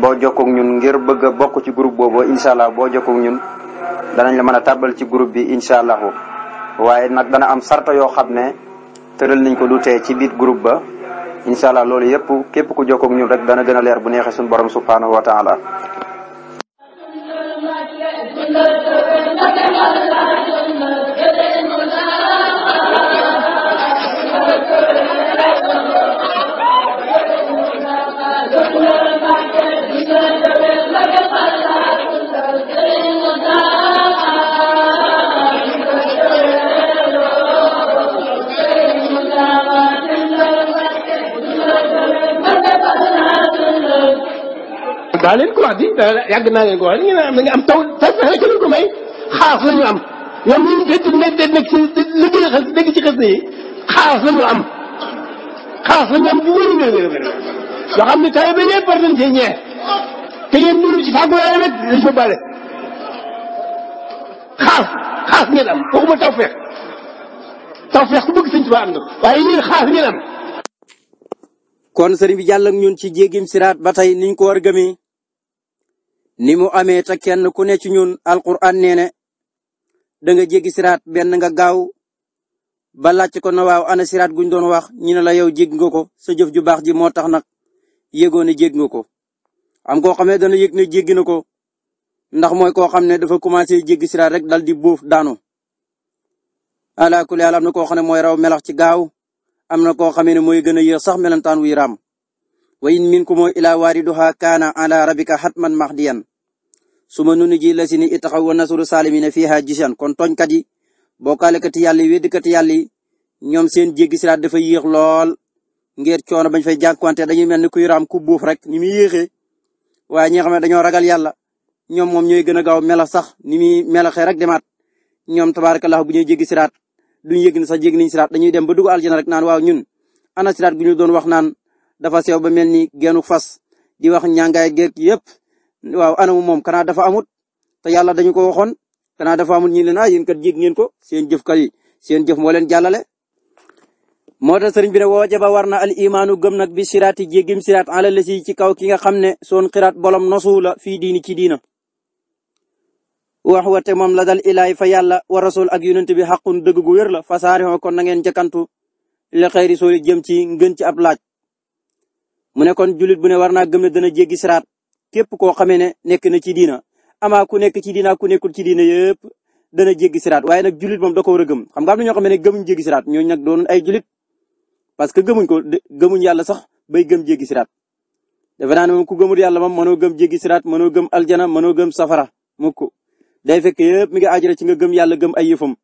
boo jokkook ñun ngir bëgg bokk ci groupe boobu incha allah boo jokkook ñun danañ la mën a tàbbal ci groupe bi incha allahu waaye nag dana am sarta yoo xam ne tëral nañ ko du tee ci biir groupe ba incha loolu yëpp képp ko jokkook ñun rek dana gën a leer bu neexee suñu borom subhanahu wa taala daa leen wax di daa naa leen ko wax ngeen am taw fas rek lañ ko may xaas la ñu am ñoom ñu ngi fekk nekk nekk ci liggéey xas xaas la ñu am xaas la ñu am bu wér a wér a wér yoo ne taw bi ñëpp war nañ cee ñeex ku bëgg sëñ Tuubaa am waaye yéen xaas ngeen am. kon sëriñ bi jàll ak ci jéegim siraat ba tey niñ ko war a gëmee ni mu amee te kenn ku ne ci ñun alquran nee ne da nga jéggi siraat benn nga gaaw ba laajte ko na waaw ana guñ doon wax ñu ne la yow jégg nga ko sa jëf ju baax ji moo tax nag yëgoon ne jégg nga ko am koo xam ne dana yëg ne na ko ndax mooy koo xam ne dafa commencé jéggi siraat rek dal di buuf daanu alaa kulli haal am na koo xam ne mooy raw melax ci gaaw am na koo xamee ne mooy gën a yéex sax melantaan wuy raam wa in minkumu ila wariduha kana ala rabbika hatman mahdiyan suma nunu ji la si ni itaxaw wa nasuru salimina fiha jishan kon tooñkat yi bokkaalekati yàlla yi weddikat yàlla yi ñoom seen jéggi siraat dafa yéex lool nger coono bañ fay jànkuwante dañuy mel ni kuy raam ku buuf rek ni muy yéexee waaye ñi nga xam ne dañoo ragal yàlla ñoom moom ñooy gën a gaaw melax sax ni muy melaxee rek demaat ñoom lax bu ñuy jéggi siraat duñ yëg ni sax jéggi nañ siraat dañuy dem ba aljana rek naan waaw ñu dafa sew ba mel ni geenu fas di wax ñàngaay geeg yëpp waaw anamu moom kanaa dafa amut te yàlla dañu ko waxoon kanaa dafa amut ñi leen ah yéen kat jig ngeen ko seen jëf kali seen jëf moo leen jàllale. moo tax sëriñ bi ne war na al imaanu gëm nag bi siraati jéggim siraat ala la ci kaw ki nga xam ne soon xiraat bolom nosu la fii diini ci diina. wax wate moom la dal fa yàlla wa rasul ak yonent bi xaqun dëgg gu wér la fasaare kon nagen ngeen jëkkantu li xëyri soo jëm ci ngën ci ab laaj. mu ne kon jullit bu ne war naa gëm ne dana jéggi siraat képp koo xamee ne nekk na ci diina amaa ku nekk ci diina ku nekkul ci diina yëpp dana jéggi siraat waaye nag jullit moom da ko war a gëm xam nga am na ñoo xam ne gëmuñ jéggi siraat ñooñu nag doon ay jullit parce que gëmuñ ko gëmuñ yàlla sax bay gëm jéggi siraat dafa naa moom ku gëmul yàlla moom mënoo gëm jéggi siraat mënoo gëm aljana mënoo gëm safara mukk day fekk yëpp mi ngi aajara ci nga gëm yàlla gëm ay yëfam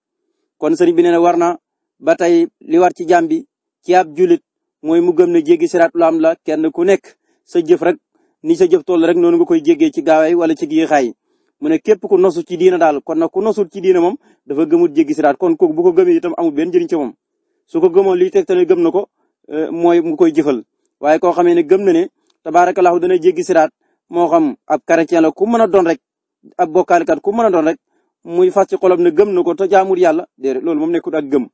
kon sëriñ bi nee na war na ba tey li war ci jàmm bi ci ab jullit mooy mu gëm ne jéggi siraatul am la kenn ku nekk sa jëf rek ni sa jëf toll rek noonu nga koy jéggee ci gaawaay wala ci yéexaay mu ne képp ku nosu ci diina daal kon nag ku nosul ci diina moom dafa gëmul jéggi siraat kon kooku bu ko gëmee itam amul benn njëriñ ci moom su ko gëmoon liy tegtale gëm na ko e, mooy mu koy jëfal waaye koo xamee ne gëm na ne tabaarakallaahu dana jéggi siraat moo xam ab chrétien la ku mën a doon rek ab bokkaalikat ku mën a doon rek muy fas ci xolam ne gëm na ko te jaamul yàlla déedéet loolu moom nekkul ak gëm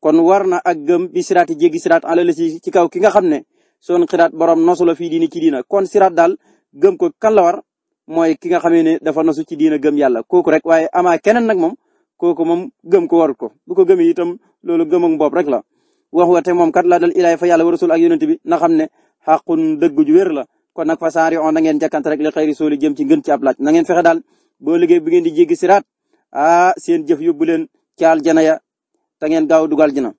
kon war na ak gëm bi siraat yi jéggi siraat alal si ci kaw ki nga xam ne son xiraat borom nosu la fii diini ci diina kon siraat daal gëm ko kan la war mooy ki nga xamee ne dafa nosu ci diina gëm yàlla kooku rek waaye amaa keneen nag moom kooku moom gëm ko warut ko bu ko gëmee itam loolu gëm ak bopp rek la. wax wa te moom kat laa dal ilaay fa yàlla wa rasul ak yonent bi na xam ne xàqun dëgg la kon nag fa saari on na ngeen jàkkante rek li xëyri sooli jëm ci ngën ci ab laaj na ngeen fexe daal boo liggéey bu ngeen di jéggi siraat seen jëf yóbbu leen ci aljana ya te ngeen gaaw dugal jina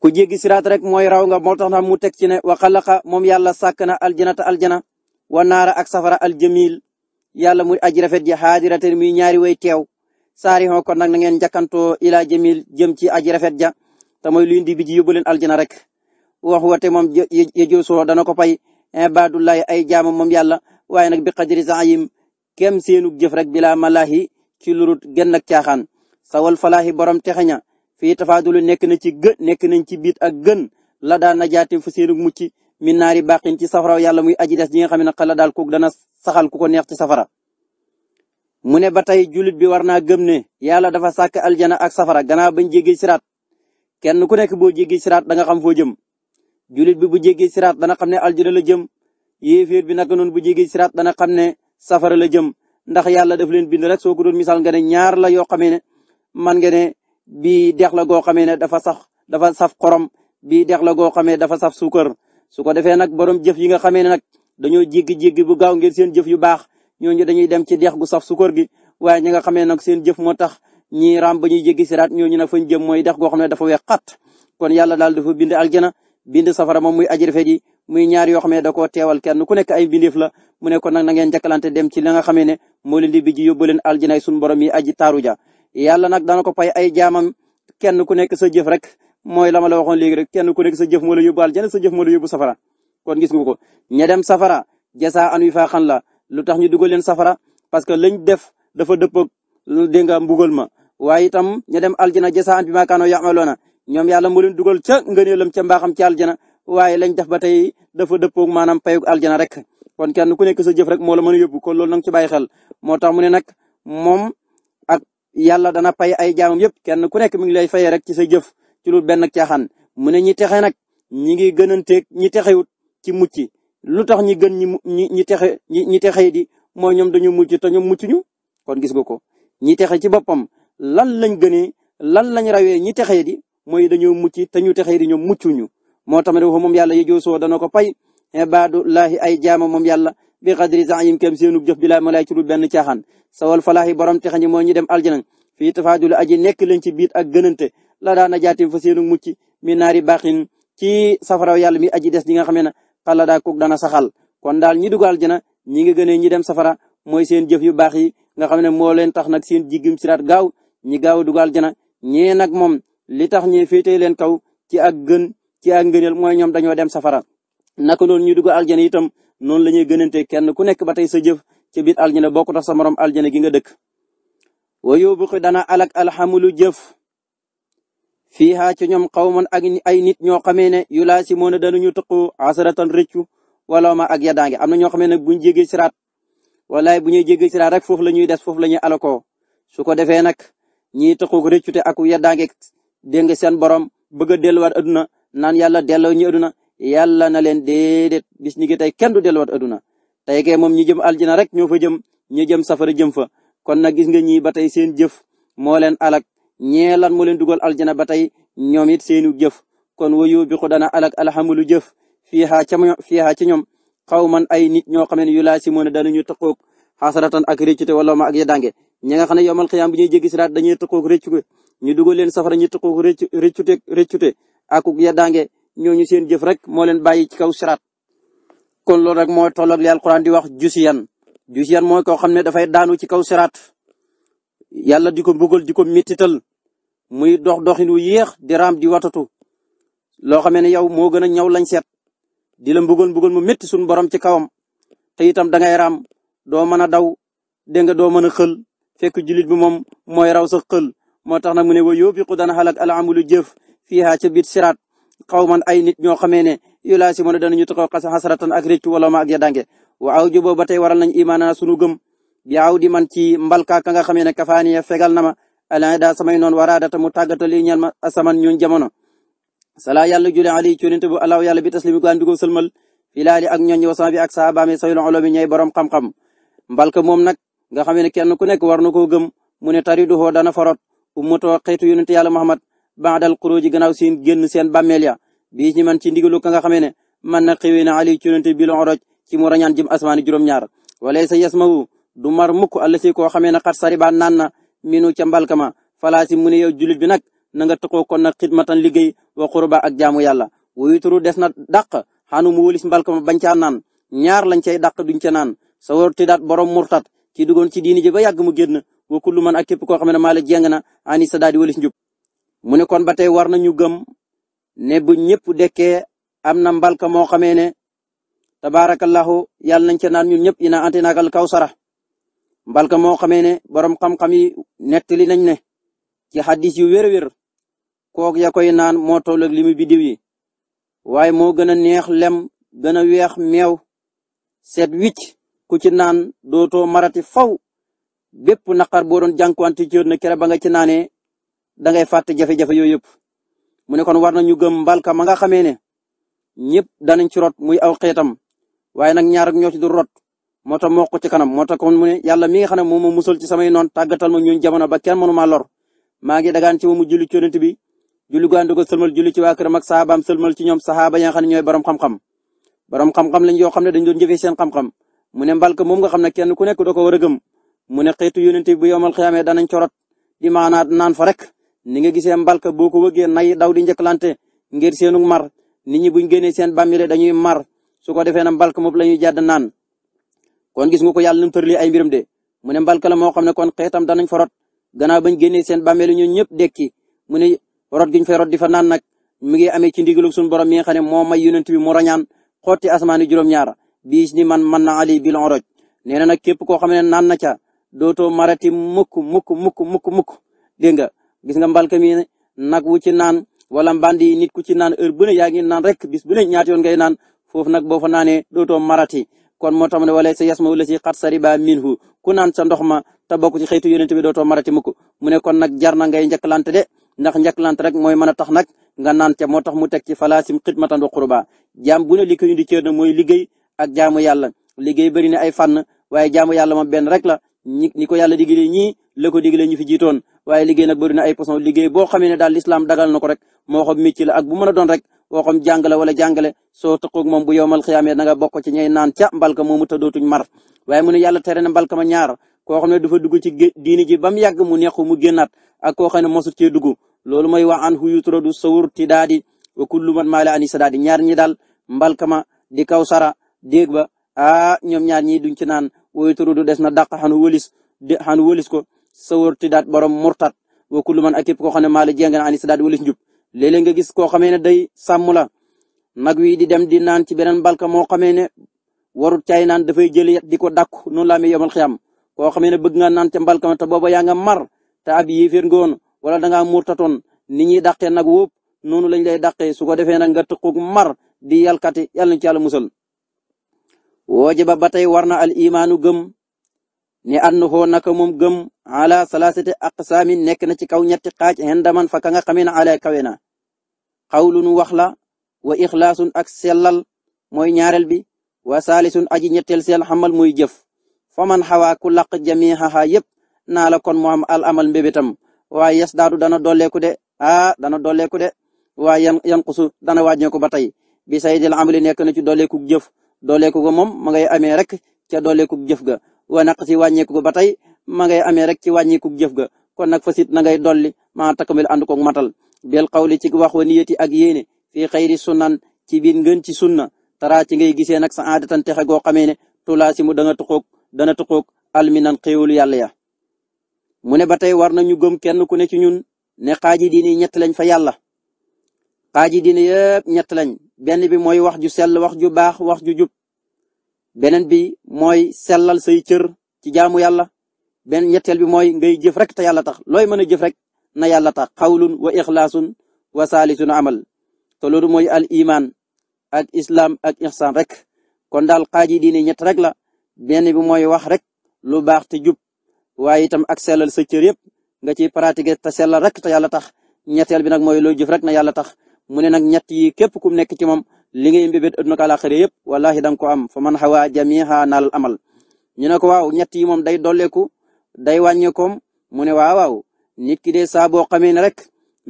ku jéggi siraat rek mooy raw nga moo tax na mu teg ci ne wa xalaqa moom yàlla sàkk na aljana te aljana wa naara ak safara aljamil yàlla muy aji rafet ji xaadiratan muy ñaari way teew saari xoo kon nag na ngeen njàkkantoo ilaa jamil jëm ci aji rafet ja te mooy luy indi ji yóbbu leen aljana rek wax wate moom yëjoo soo dana ko pay ibadullahi ay jaam moom yàlla waaye nag bi qadri zaayim kem seenu jëf rek bila malahi ci lurut gën caaxaan sawal falaahi borom texeña fii tafaadulu nekk na ci gë nekk nañ ci biit ak gën la daa najaate fu seenu mucc min naari bàqin ci safaraw yàlla muy aji des ji nga xam ne xala daal kook dana saxal ku ko neex ci safara mu ne ba tey julit bi war naa gëm ne yàlla dafa sàkk aljana ak safara gannaaw bañ jéggi siraat kenn ku nekk boo jéggi siraat da nga xam foo jëm jullit bi bu jéggi siraat dana xam ne aljana la jëm yéeféer bi naka noonu bu jéggi siraat dana xam ne safara la jëm ndax yàlla daf leen bind rek soo ko doon misaal nga ñaar la yoo xamee ne man nga ne bii dex la goo xamee ne dafa sax dafa saf xorom bii dex la goo xamee dafa saf suukar su ko defee nag borom jëf yi nga xamee ne nag dañoo jéggi-jéggi bu gaaw ngir seen jëf yu baax ñooñu dañuy dem ci dex gu saf suukar gi waaye ñi nga xamee nag seen jëf moo tax ñi ram ba ñuy jéggi siraat ñooñu nag fañ jëm mooy dex goo xam ne dafa weex xat kon yàlla daal dafa bind aljana bind safara moom muy aji rafet ji muy ñaar yoo xam ne da koo teewal kenn ku nekk ay bindeef la mu ne ko nag na ngeen jàkkalante dem ci la nga xamee ne moo leen di ji yóbbu leen aljana suñu borom yi aji taaru ja yàlla nag dana ko fay ay jaamam kenn ku nekk sa jëf rek mooy la ma la waxoon léegi rek kenn ku nekk sa jëf moo la yóbbu aljana sa jëf moo la yóbbu safara kon gis nga ko ña dem safara jasa an wi faa xan lu tax ñu dugal leen safara parce que lañ def dafa dëppog dégg nga mbugal ma waaye itam ña dem aljana jasa an bi maa kaanoo yaamaloona ñoom yàlla moo leen dugal ca lam ca mbaaxam ci aljana waaye lañ def ba tey dafa dëppoog maanaam payug aljana rek kon kenn ku nekk sa jëf rek moo la mën a yóbbu kon loolu nag ci bàyyi xel moo tax mu ne nag yàlla dana pay ay jaamam yëpp kenn ku nekk mi ngi lay fayee rek ci sa jëf ci lu benn caaxaan mu ne ñi texe nag ñi ngi gënanteeg ñi texewut ci mucc lu tax ñi gën ñi ñi ñi texe ñi ñi texe di mooy ñoom dañu mucc te ñoom mucc ñu kon gis nga ko ñi texe ci boppam lan lañ gënee lan lañ rawee ñi texe di mooy dañoo mucc ta ñu texe di ñoom muccuñu moo tax ma ne moom yàlla yi joosoo dana ko pay ibaadu laahi ay jaama moom yàlla bi xadri saxyim kem seenug jëf bi laa ma lay ci dul benn caaxaan sawal falaax yi borom texañi moo ñu dem aljana fii tafaadulu aji nekk lañ ci biit ak gënante la daana jaatim fa seenug mucc mi naari baaxin ci safaraw yàlla mi aji des di nga xamee ne xala daa kook dana saxal kon daal ñi dugg aljana ñi nga gënee ñi dem safara mooy seen jëf yu baax yi nga xam ne moo leen tax nag seen jiggim siraat gaaw ñi gaaw a dugg aljana ñee nag moom li tax ñee féetee leen kaw ci ak gën ci ak ngëneel mooy ñoom dañoo dem safara noonu la ñuy gënante kenn ku nekk ba tey sa jëf ci biir aljana bokkut ak sa morom aljana gi nga dëkk wa yóbbuxi dana alak alxamulu jëf fiiha ci ñoom xawman ak ay nit ñoo xamee ne yu laa si moona danañu tëqu asaratan rëccu wala ma ak yadaange am na ñoo xamee ne buñ jégee siraat walaay bu ñuy jégee siraat rek foofu la ñuy des foofu la alako alakoo su ko defee nag ñiy tëqu rëccute ak yadaange dégg nga seen borom bëgg a delluwaat aduna naan yàlla delloo ñu aduna yàlla na leen déedéet bis ñi ngi tey kenn aduna tey kay moom ñi jëm aljana rek ñoo fa jëm ñi jëm safara jëm fa kon nag gis nga ñii ba tey seen jëf moo leen alak ñee lan leen dugal aljana ba tey ñoom it seenu jëf kon wayu bi ko dana alak alxamalu jëf fiihaa ca fiihaa ci ñoom xaw man ay nit ñoo xam ne yu laa si moon danañu tëqoog xasaratan ak réccute wala ma ak yeddaange ñi nga xam ne yowmal xiyaam bi ñuy jéggi siraat dañuy tëqoog leen safara ñu tëqoog réccute réccute ñooñu seen jëf rek moo leen bàyyi ci kaw siraat kon loolu rek mooy tolloog li alquran di wax jusiyan jusiyan mooy koo xam ne dafay daanu ci kaw siraat yàlla di ko bëggal di ko mettital muy dox doxin wu yéex di raam di watatu loo xamee ne yow moo gën a ñaw lañ seet di la mbugal mbugal mu métti suñu borom ci kawam te itam da ngay raam doo mën a daw dégg nga doo mën a xël fekk jullit bi moom mooy raw sa xël moo tax nag mu ne wa yóbbiqu dana xalak al amalu jëf fiiha ca biir siraat qawman ay nit ñoo xamee ne yulaa si mën a danañu taxaw xas xasratan ak réccu wala ma ak yadange waaw juboo ba tey waral nañ imaana sunu gëm yaaw di man ci mbalka ka nga xamee ne kafaaniya fegal na ma alain daa samay noon waraadata mu tàggatal yi ñal ma asaman ñun jamono salaa yàlla jule ali cuninte bu alaaw yàlla bi taslimi gaan dugub sëlmal filaali ak ñooñ wasan bi ak saabaami sayul olomi ñooy borom xam-xam mbalka moom nag nga xamee ne kenn ku gëm mu tari duhoo baadal xuruuji gannaaw seen génn seen bàmmeel ya bii ci man ci ndigalu ka nga xamee ne man na xiwee na ali cunante bil oroj ci mu rañaan jëm asmaani juróom-ñaar wala sa yasmawu du mar mukk alla si koo xamee ne xat sariba naan na minu ca mbalkama falaa si mu ne yow julit bi nag na nga tëqoo kon nag xidmatan liggéey wa xuruba ak jaamu yàlla wuyu turu des na dàq xanu mu wëlis mbalkama bañ caa naan ñaar lañ cay dàq duñ ca naan sa war tidaat borom murtat ci duggoon ci diini ji ba yàgg mu génn wa képp koo xam ne maa jeng na ani sa daal di wëlis mu ne kon ba tey war nañu gëm ne bu ñëpp dekkee am na mbalka moo xamee ne tabaarakallahu yàlla nañ ca naan ñun ñëpp ina antinaakal kawsara mbalka moo xamee ne borom xam-xam yi nettali nañ ne ci xaddis yu wér-wér kook ya koy naan moo toll ak limu biddiw yi waaye moo gën a neex lem gën a weex meew seet wicc ku ci naan dootoo marati faw bépp naqar boo doon jànkuwante ci na kere ba nga ci naanee dangay fàtte jafe-jafe yooyu yëpp mu ne kon war nañu gëm mbalka ma nga xamee ne ñëpp danañ ci rot muy aw xeetam waaye nag ñaar ak ñoo ci du rot moo tax moo ko ci kanam moo tax mu ne yàlla mi nga xam ne moom moo musal ci samay noon tàggatal ma ñun jamono ba kenn mënu maa lor maa ngi dagaan mu julli ci bi julli gu ànd ko sëlmal julli ci waa këram ak sahabaam sëlmal ci ñoom sahaba ya nga xam ne ñooy borom xam-xam borom xam-xam lañ yoo xam ne dañ doon jëfee seen xam-xam mu ne mbalka moom nga xam ne kenn ku nekk da ko war a gëm mu ne xeetu yonent bi bu yomal xiyaamee danañ corot di maanaat naan fa rek ni nga gisee mbalka boo ko wëggee nay daw di njëkkalante ngir seenu mar ni ñi buñ génnee seen bàmmile dañuy mar su ko defee na mbalka moom la ñuy jàdd naan kon gis nga ko yàlla nu ay mbiram de mu ne mbalka la moo xam ne kon xeetam danañ fa rot gannaaw bañ génnee seen bàmmile ñun ñëpp dekki mu ne rot gi ñu di fa naan nag mi ngi amee ci ndigalu suñu borom mi nga xam ne moo may yonent bi mu rañaan xotti asmaani juróom-ñaar biis ni man man na ali bil oroj nee na nag képp koo xam ne naan na ca dootoo marati mukk mukk mukk mukk mukk dégg gis nga mbalka mi ne nag wu ci naan wala mbandi nit ku ci naan heure bu ne naan rek bis bu ne ñaati yoon ngay naan foofu nag boo fa naanee dootoo marati kon moo tax ne wala sa yasma wala si xat sariba minhu ku naan sa ndox ma te bokk ci xëytu yonent bi dootoo marati mukk mu ne kon nag jar na ngay njëkkalante de ndax njëkkalante rek mooy mën a tax nag nga naan ca moo tax mu teg ci falasim xidmatan wa qurba jaam bu ne li ko indi cër na mooy liggéey ak jaamu yàlla liggéey bëri na ay fànn waaye jaamu yàlla moom benn rek la ko yàlla digalee ñii la ko digalee ñu fi jiitoon waaye liggéey nag bëri na ay façon liggéey boo xamee ne daal lislaam dagal na ko rek moo xam métier ak bu mën a doon rek boo xam jàng wala jàngale soo tëqoog moom bu yowmal xiyaamee da nga bokk ci ñay naan ca mbalka moomu te dootuñ mar waaye mu ne yàlla tere na mbalka ma ñaar koo xam ne dafa dugg ci diini ji ba mu yàgg mu neexu mu génnaat ak ko xam ne mosut cee dugg loolu mooy wax an hu yutradu sawur ti daadi wa kullu man maala ani sadaadi ñaar ñi daal mbalka ma di kaw sara déeg ba ah ñoom ñaar ñi duñ ci naan woy turudu des na dàq xanu wëlis de xanu ko sawurtidaat borom murtat wa kullu man ak képp koo xam ne maa la jéng na ani sidaat gis koo xamee day sàmm la nag wi di dem di naan ci beneen balka moo xamee ne warut caay naan dafay jëli di ko dàkku noonu laa amee yomal xiyam koo xamee ne bëgg nga naan ca mbalka ma te booba yaa nga mar te ab yéeféer nga woon wala dangaa murtatoon ni ñuy dàqee nag wóob noonu lañ lay dàqee su ko defee nag nga tëqug mar di yàlkati yàlla na ci yàlla musal wooje ba al imaanu gëm ne annahu naka moom gëm ala salaasati aqsaami nekk na ci kaw ñetti xaaj hendaman fa ka nga xamee ne ala kawe na xawlun wax la wa ixlaasun ak sellal mooy ñaareel bi wa saalisun aji ñetteel seel xamal muy jëf fa man xawaa ku laq jamiihaha yëpp naa la kon mu am al amal mbébétam waaye yas daadu dana dolleeku de ah dana dolleeku de waaye yan yanqusu dana wàññeeku ba tey bi saydil amali nekk na ci dolleeku jëf dolleeku ga moom ma ngay amee rek ca dolleeku jëf ga wa naq si wàññeeku ba tey ma ngay amee rek ci wàññeeku jëf ga kon nag fasit na ngay dolli maa takamil ànd koog matal bil xawli ci wax wa niyati ak yéene fii xayri sunan ci biir ngën ci sun na taraa ci ngay gisee nag sa aadatan texe goo xamee ne tulaa si mu danga tuxoog dana tuxoog alminan xéewalu yàlla ya mu ne ba tey war nañu gëm kenn ku ne ci ñun ne xaaji diine ñett lañ fa yàlla xaaji diine yëpp ñett lañ benn bi mooy wax ju sell wax ju baax wax ju jub beneen bi mooy sellal say cër ci jaamu yàlla benn ñetteel bi mooy ngay jëf rek te yàlla tax looy mën a jëf rek na yàlla tax xawlun wa ixlaasun wa saalisun amal te loolu mooy al imaan ak islaam ak ihsan rek kon daal xaaji diine ñett rek la benn bi mooy wax rek lu baax te jub waaye itam ak sellal sa cër yëpp nga ciy pratiquer te sellal rek te yàlla tax ñetteel bi nag mooy looy jëf rek na yàlla tax mu ne nag ñett yi képp kum nekk ci moom li ngay mbébét adduna ak àllaaxira yëpp wallaahi da nga ko am fa man xawaa jamiha naal amal ñu ne ko waaw ñett yi moom day dolleeku day wàññeekoom mu ne waaw waaw nit ki de saa boo xamee ne rek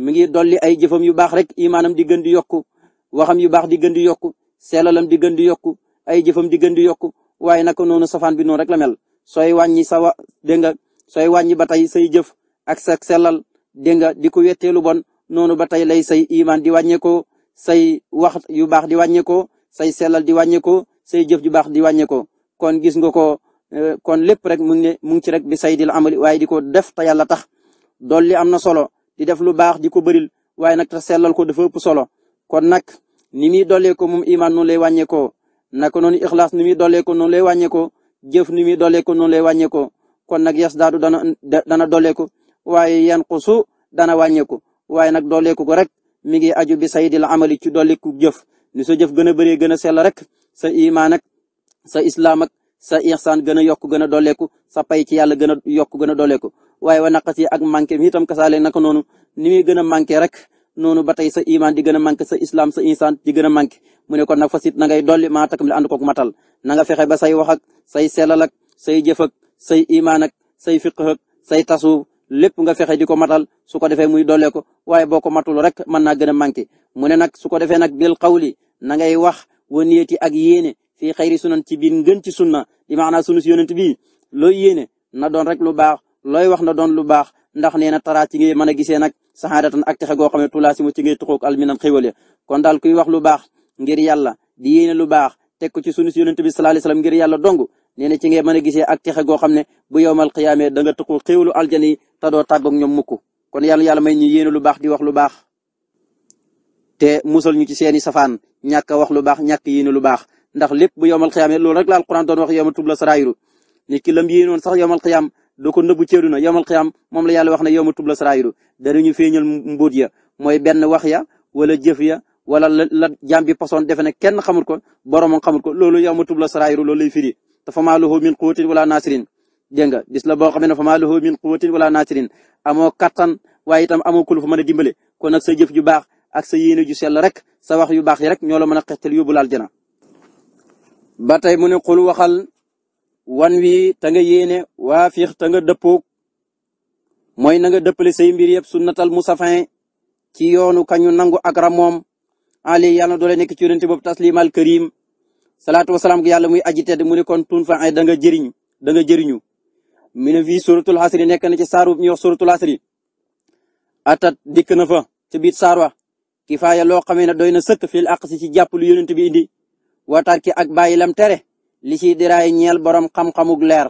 mi ngi dolli ay jëfam yu baax rek imaanam di gën di yokku waxam yu baax di gën di yokku seelalam di gën di yokku ay jëfam di gën di yokku waaye naka noonu safan bi noonu rek la mel sooy wàññi sa wa dégg nga sooy wàññi ba tey say jëf ak sa sellal dégg nga di ko wettee lu bon noonu ba tey lay say imaan di wàññeekoo say wax yu baax di wàññeekoo say sellal di wàññeekoo say jëf ju baax di wàññeekoo kon gis nga ko euh, kon lépp rek mu ngi ci rek bi di la amali waaye di ko def te yàlla tax dolli am na solo di def lu baax di ko bëril waaye nag te sellal ko dafa ëpp solo kon nag ni muy dollee ko moom iman noonu lay wàññeekoo naka noonu ixlaas ni muy dollee ko noonu lay wàññeekoo jëf ni muy dollee noonu lay wàññeekoo kon nag yas daadu dana dana dollee ko waaye yanqusu dana wàññeeku waaye nag dollee ko rek mi ngi aju bi saydil amali ci dolli jëf ni so jëf gën a bëree gën a sell rek sa imaan ak sa islaam ak sa ihsaan gën a yokk gën a dolleeku sa pay ci yàlla gën a yokk gën a dolleeku waaye wa naqas yi ak manqué mi itam kasaale naka noonu ni muy gën a manqué rek noonu ba tey sa imaan di gën a manqué sa islam sa ihsaan di gën a manqué mu ne kon nag fasit na ngay dolli maa takk mi ànd matal na fexe ba say wax ak say sellal ak say jëf say imaan say fiqh say tasawuf lépp nga fexe di ko matal su ko defee muy doole ko waaye boo ko matul rek man naa gën a manqué mu ne nag su ko defee nag bil qawli na ngay wax wa niyati ak yéene fii xayri sunan ci biir gën ci sunna di maanaa sunu si yonent bi looy yéene na doon rek lu baax looy wax na doon lu baax ndax nee na taraa ci ngay mën a gisee nag saxaadatan ak texe goo xam ne tulaa si mu ci ngay tuxoog alminan xéwal ya kon daal kuy wax lu baax ngir yàlla di yéene lu baax tek ko ci sunu si yonent bi sallallahu alayhi ngir yàlla dong nee na ci ngay mën a gisee ak texe goo xam ne bu yowmal xiyaamee da nga tuqu xéwlu aljani yi te doo tàggoog ñoom mukk kon yàlla yàlla may ñi yéene lu baax di wax lu baax te musal ñu ci seeni safaan ñàkk a wax lu baax ñàkk yéene lu baax ndax lépp bu yowmal xiyaamee loolu rek la alquran doon wax yowma tubla la nit ki lam yéenoon sax yowmal xiyaam doo ko nëbbu ceedu na yowmal xiyaam moom la yàlla wax ne yowma tubla saraayiru danañu feeñal mbóot ya mooy benn wax ya wala jëf ya wala la la jàmm bi pasoon defe ne kenn xamul ko boromam xamul ko loolu yowma tubla saraayiru loolu lay firi te fa maa lahu min quwwatin wala nasirin dégg nga bis la boo xam ne fa maa lahu min quwwatin wala nasirin amoo kattan waaye itam amoo ku la fa mën a dimbale kon nag sa jëf ju baax ak sa yéene ju sell rek sa wax yu baax yi rek ñoo la mën a xettal yóbbu laal jana ba tey mu ne xul waxal wan wi ta nga yéene waa fiix ta nga dëppoog mooy na nga dëppale say mbir yëpp sunnatal musafin ci yoonu kañu nangu ak ramoom ali yàlla na doole nekk ci yonente boobu taslimal karim salaatu wasalaam gi yàlla muy aji tedd mu ne kon tun fa ay danga nga jëriñu da nga jëriñu mi ne fii suratul xasri nekk na ci saaru ñuy wax suratul xasri atat dikk na fa ci biir saar ki kifaaya loo xamee ne doy na sëkk fil àq si ci jàpp lu yonent bi indi watar ki ak bàyyi lam tere li ciy diraay ñeel borom xam-xamuk leer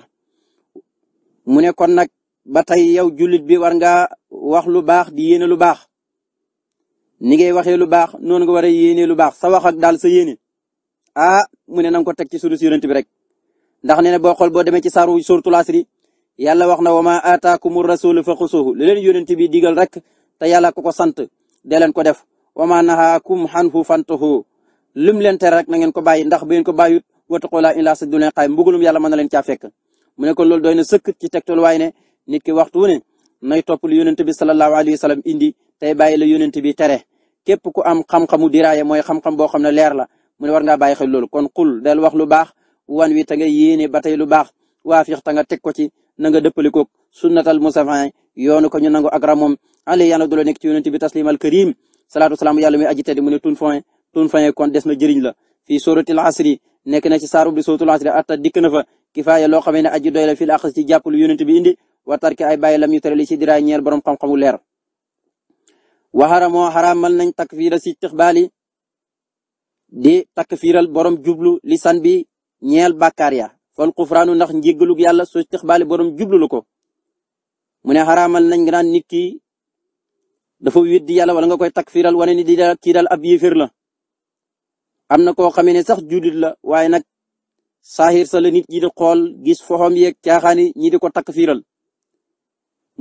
mu ne kon nag ba tey yow jullit bi war nga wax lu baax di yéene lu baax ni ngay waxee lu baax noonu nga war a yéene lu baax sa wax ak daal sa yéene ah mu ne na ko teg ci sunu si yonent bi rek ndax nee na boo xool boo demee ci saaru suuratul asri yàlla wax na wa ma aataakumu rasuulu fa xusuuhu li leen yonent bi digal rek te yàlla ko ko sant dee leen ko def wa ma nahaakum anhu fantahu lim leen tere rek na ngeen ko bàyyi ndax bu ngeen ko bàyyut wattaqu laa inna laaha shadiidul iqaab mbugalum yàlla mën na leen caa fekk mu ne ko loolu doy na sëkk ci tegtal waaye ne nit ki waxtu wu ne nay topp lu yonent bi sallallahu alayhi wa sallam indi tey bàyyi la yonent bi tere képp ku am xam-xamu diraaya mooy xam-xam boo xam ne leer la mu ne war ngaa bàyyi xel loolu kon xul del wax lu baax wan wi ta nga ba tey lu baax waafiq ta nga teg ko ci sunnatal musafa yoonu ko nangu ak ramom ali yana du la nekk ci yonent bi taslimal karim salaatu salaam yàlla aji tedd mu tun foin tun foin kon des na la fii suratil asri nekk na ci saar ubbi suratul asri atta dikk na fa kifaaya loo xamee ne aji doy la fil ci jàpp lu yonent bi indi wa ay bàyyi lam ñu ci diraay di takfiiral borom jublu san bi ñeel bàkkaar ya fal ndax njéggalug yàlla su istixbaali borom jublu lu ko. mu ne xaraamal nañ nga naan nit ki dafa weddi yàlla wala nga koy takfiiral wane ni di daal kii daal ab yéefér la. am na koo xamee ne sax jullit la waaye nag saaxiir sa la nit ñi di xool gis foxom yeeg caaxaani ñi di ko takfiiral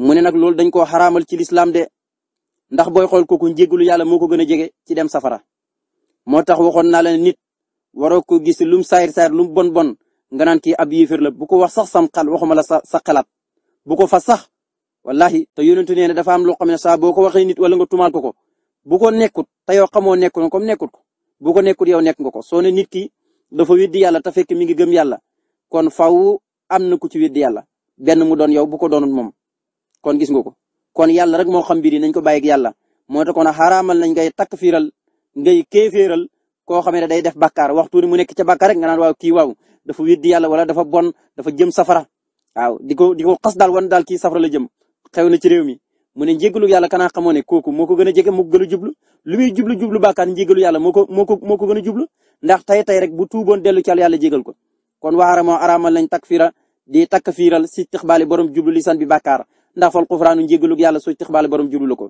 mu ne nag loolu dañ ko xaramal ci lislam de ndax booy xool koku njéggalu yàlla moo ko gën a jege ci dem safara. moo tax waxoon naa la nit waroo ko gis lum saayir saayir lum bon bon nga naan kii ab yéefar la bu ko wax sax sam xal waxuma la sa sa xalaat bu ko fa sax wallahi te yónentu nee ne dafa am loo xam ne saa boo ko waxee nit wala nga tumaal ko ko bu ko nekkut te yow xamoo nekkul comme nekkut ko bu ko nekkut yow nekk nga ko soo nit ki dafa weddi yàlla ta fekk mi ngi gëm yàlla kon faw am na ku ci weddi yàlla benn mu doon yow bu ko doonul moom kon gis nga ko kon yàlla rek moo xam mbir yi nañ ko bàyyi ak yàlla moo ngay kéeféeral koo xam ne day def bakkaar waxtu ni mu nekk ca bakkaar rek nga naan waaw kii waaw dafa weddi yàlla wala dafa bon dafa jëm safara waaw di ko di ko xas daal wan daal kii safara la jëm xew na ci rew mi mu ne njégalu yàlla kanaa xamoo ne kooku moo ko gën a jege moo ko gën a jublu lu muy jublu jublu bàkkaar yàlla moo ko moo ko moo ko gën a jublu ndax tey tey rek bu tuuboon dellu ci yàlla jégal ko kon waxara moo araamal lañ takfira di takfiiral si tixbaali borom jublu lisan bi bàkkaar ndax fal xufraanu njégalu yàlla su tixbaali borom jublu ko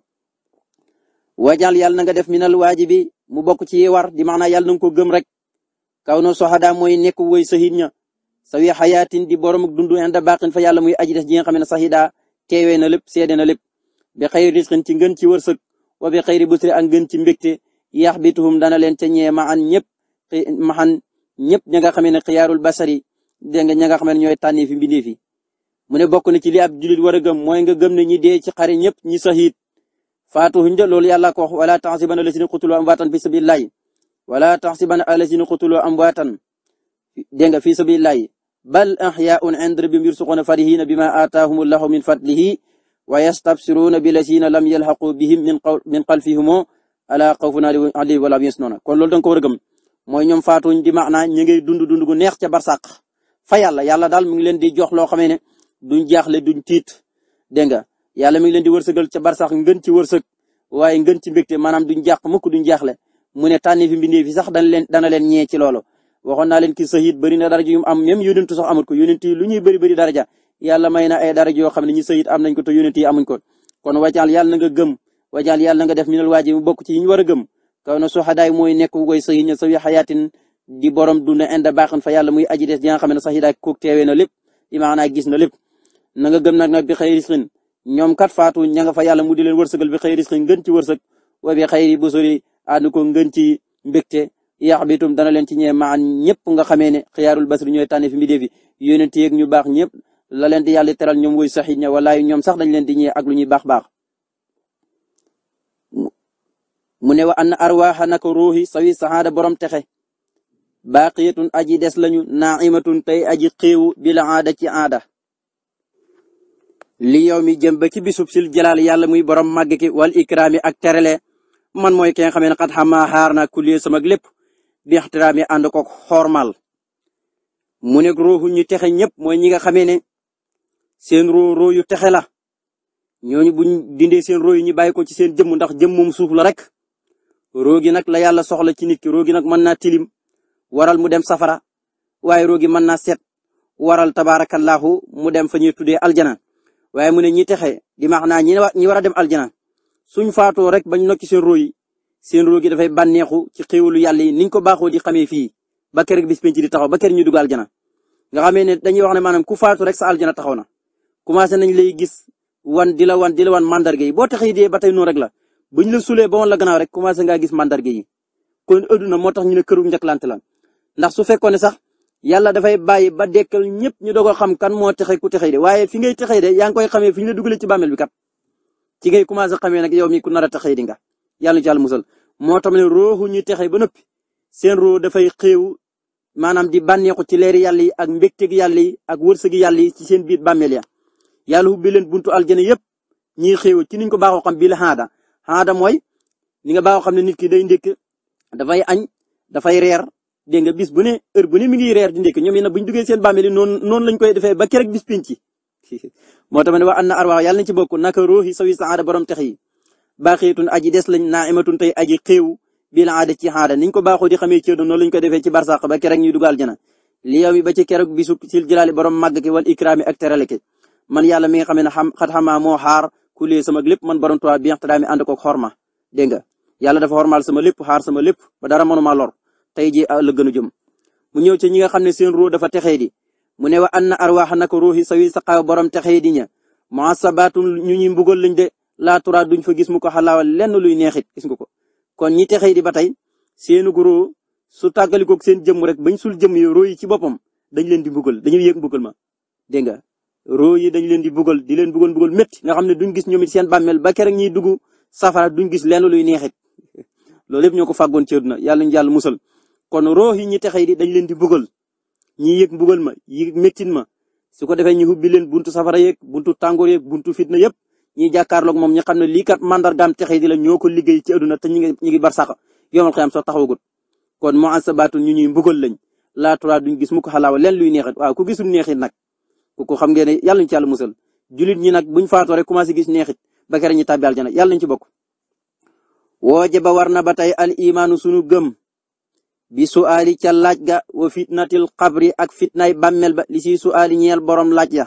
wajal yàlla na nga def minal waajibi mu bokk ci war di maanaam yàlla na nga ko gëm rek kaw na soxada mooy nekk woy sahid ña sawi xayaatin di borom ak dund inda baqin fa yàlla muy aji des ji nga xam ne sahida teewee na lépp seede na lépp bi xayri risqin ci gën ci wër wërsëg wa bi xayri busri a gën ci mbégte yaax bituhum dana leen ca ñee maxan ñëpp maxan ñëpp ña nga xam ne xiyaarul basari dégg ga ña nga xam ne ñooy tànnee fi mbindee fi mu ne bokk na ci li ab julit war gëm mooy nga gëm ne ñi dee ci xare ñëpp ñi sahid faatuhunna loolu yàlla ko wax wala tahsibanna allazina qutilu amwaatan fi sabilillahi wala tahsibanna allazina qutilu amwaatan dégg nga fi sabilillahi bal ahyaun inda rabbihim yurzuquna farihina bima aataahumullahu min fadlihi wa yastabsiruna billazina lam yalhaqu bihim min xalfihim alaa xawfun alayhim wa laa hum yahzanun kon loolu da nga ko war a gëm mooy ñoom faatuñ di maanaa ñi ngay dund dund gu neex ca barsàq fa yàlla yàlla daal mu ngi leen di jox loo xamee ne duñ jaaxle duñ tiit dégg nga yalla mu ngi leen di wërsëgal ca barsax ngën ci wërsëg waaye ngën ci mbégte maanaam duñ jàq mukk duñ jaaxle mu ne fi mbindee fi sax dana leen dana leen ñee ci ki sahid bëri na daraja yu mu am même yonentu sax amut ko lu ñuy bëri bëri daraja yàlla may na ay daraja yoo xam ne ñi sahid am nañ ko te yonent yi amuñ ko kon wajaal yàlla na nga gëm wajaal yàlla na nga def minal waaji mu bokk ci yi ñu a gëm kaw na soxadaay mooy nekk ku koy sahid ña sawi inda baaxan fa xam ne sahidaay kook na lépp imaanaa gis na lépp na nga gëm nag ñoom kat faatu ña nga fa yàlla mu di leen wërsëgal bi xëy risqi ngën ci wërsëg wa bi xëy busuri ànd ko ngën ci mbégte yax bitum dana leen ci ñee maan ñëpp nga xamee ne xiyaarul basri ñooy tànne fi mbidee fi yónent yeeg ñu baax ñëpp la leen di yàlla teral ñoom woy saxit ña walaay ñoom sax dañ leen di ñee ak lu ñuy baax baax mu ne wa an arwaaxa naka ruuxi sawi saxaada borom texe baaqiyatun aji des lañu naimatun tey aji xéewu bila aada ci aada li yow mi jëm ba ci bisub sil jalaal yàlla muy borom màgg ki wal ikraami ak terele man mooy ki nga xam ne xat xamaa xaar naa kullee sama lépp bi ixtiraami ànd ko xormal mu nekk ruuxu ñu texe ñëpp mooy ñi nga xamee ne seen roo roo yu texe la ñooñu buñ dindee seen roo yi ñu bàyyi ko ci seen jëmm ndax jëmm moom suuf la rek roo gi nag la yàlla soxla ci nit ki gi nag mën naa tilim waral mu dem safara waaye roo gi mën naa set waral tabaarakallaahu mu dem fa ñuy tuddee aljana waaye mu ne ñi texe di maax naa ñi ñi war a dem aljana suñ faatoo rek bañ nokki seen roo yi seen roo gi dafay bànneexu ci xéewalu yàlla yi niñ ko baaxoo di xamee fii ba kër bis penc di taxaw ba ker ñu dugg aljana nga xamee ne dañuy wax ne maanaam ku faatu rek sa aljana taxaw na commencé nañ lay gis wan di la wan di wan mandarga yi boo texee dee ba tey noonu rek la bu ñu la sulee ba woon la gannaaw rek commencé nga gis mandarga yi kon ëdduna moo tax ñu ne këru njëkkalante la ndax su fekkoon yàlla dafay bàyyi ba dekkal ñëpp ñu doog a xam kan moo texe ku texe de waaye fi ngay texe de yaa ngi koy xamee fi ñu la dugalee ci bàmmeel bi kat ci ngey commencé xamee nag yow mi ku nar a texe di nga yàlla na ci yàlla moo tax ne rooxu ñu texe ba noppi seen roo dafay xéew maanaam di bànneexu ci leer yàlla yi ak mbégteeg yàlla yi ak wërsëgi yàlla yi ci seen biir bàmmeel ya yàlla ubbi leen buntu aljana yëpp ñiy xéew ci niñ ko baaxoo xam bii la xaada xaada mooy ni nga baaxoo xam ne nit ki day ndékk dafay añ dafay reer dégg nga bis bu ne heure bu di ndékki ñoom yi nag bu ñu duggee seen bàmmeel yi noonu koy defee ba kii rek bis pinc moo tax ma ne wa anna arwaax yàlla na ci bokk naka ruuxi sawi saada borom tex yi baaxiitun aji des lañ naaimatun tey aji xéew bil aada ci xaada niñ ko baaxoo di xamee céedo noonu lañ koy defee ci barsàq ba kii rek ñuy dugal jana li yow mi ba ci keroog bisu sil jëlaali borom màgg ki wal ikraami ak terale ki man yàlla mi nga xam ne xam xat xamaa moo xaar ku lee sama man borom tuwaa bi yaxtadaami ànd ko xorma dégg nga yàlla dafa xormaal sama lépp xaar sama lépp ba dara mënuma lor tey jii la gën a jëm mu ñëw ci ñi nga xam ne seen ruu dafa texee di mu ne wa anna arwaax naka ruux yi sawi saqaaw borom texee di ña muasabaatun ñu ñuy mbugal lañ de laa turaat duñ fa gis mu ko xalaawal lenn luy neexit gis nga ko kon ñi texee di ba tey seenu ruu su tàggalikoog seen jëmm rek bañ sul jëmm yi yi ci boppam dañ leen di mbugal dañuy yëg mbugal ma dégg nga roo dañ leen di bugal di leen bugal bugal métti nga xam ne duñ gis ñoom seen bàmmeel ba keroog dugg safara duñ gis lenn luy neexit loolu yëpp ñoo ko fàggoon ci àdduna yàlla ñu musal kon roox yi ñi texee di dañ leen di bëggal ñi yëg mbugal ma yëg mettin ma su ko defee ñu ubbi leen buntu safara yeeg buntu tàngoor yeeg buntu fitna yëpp ñi jàkkaarloog moom ñi xam ne lii kat mandargaam texee di la ñoo ko liggéey ci aduna te ñi ngi ñi ngi bar sax yomal xiyam soo taxawagut kon moo asabatu ñu ñuy mbugal lañ laaturaa duñ gis mu ko xalaawa leen luy neexit waaw ku gisul neexit nag ko xam ngeen ne yàlla ñu ci yàlla musal julit ñi nag buñ faatoo rek commencé gis neexit ba kere ñi tàbbi aljana yàlla ñu ci bokk woo jaba war na ba bi su'aali ca laaj ga wa fitnatil xabri ak fitnay bàmmeel ba li siy su'aali borom laaj ya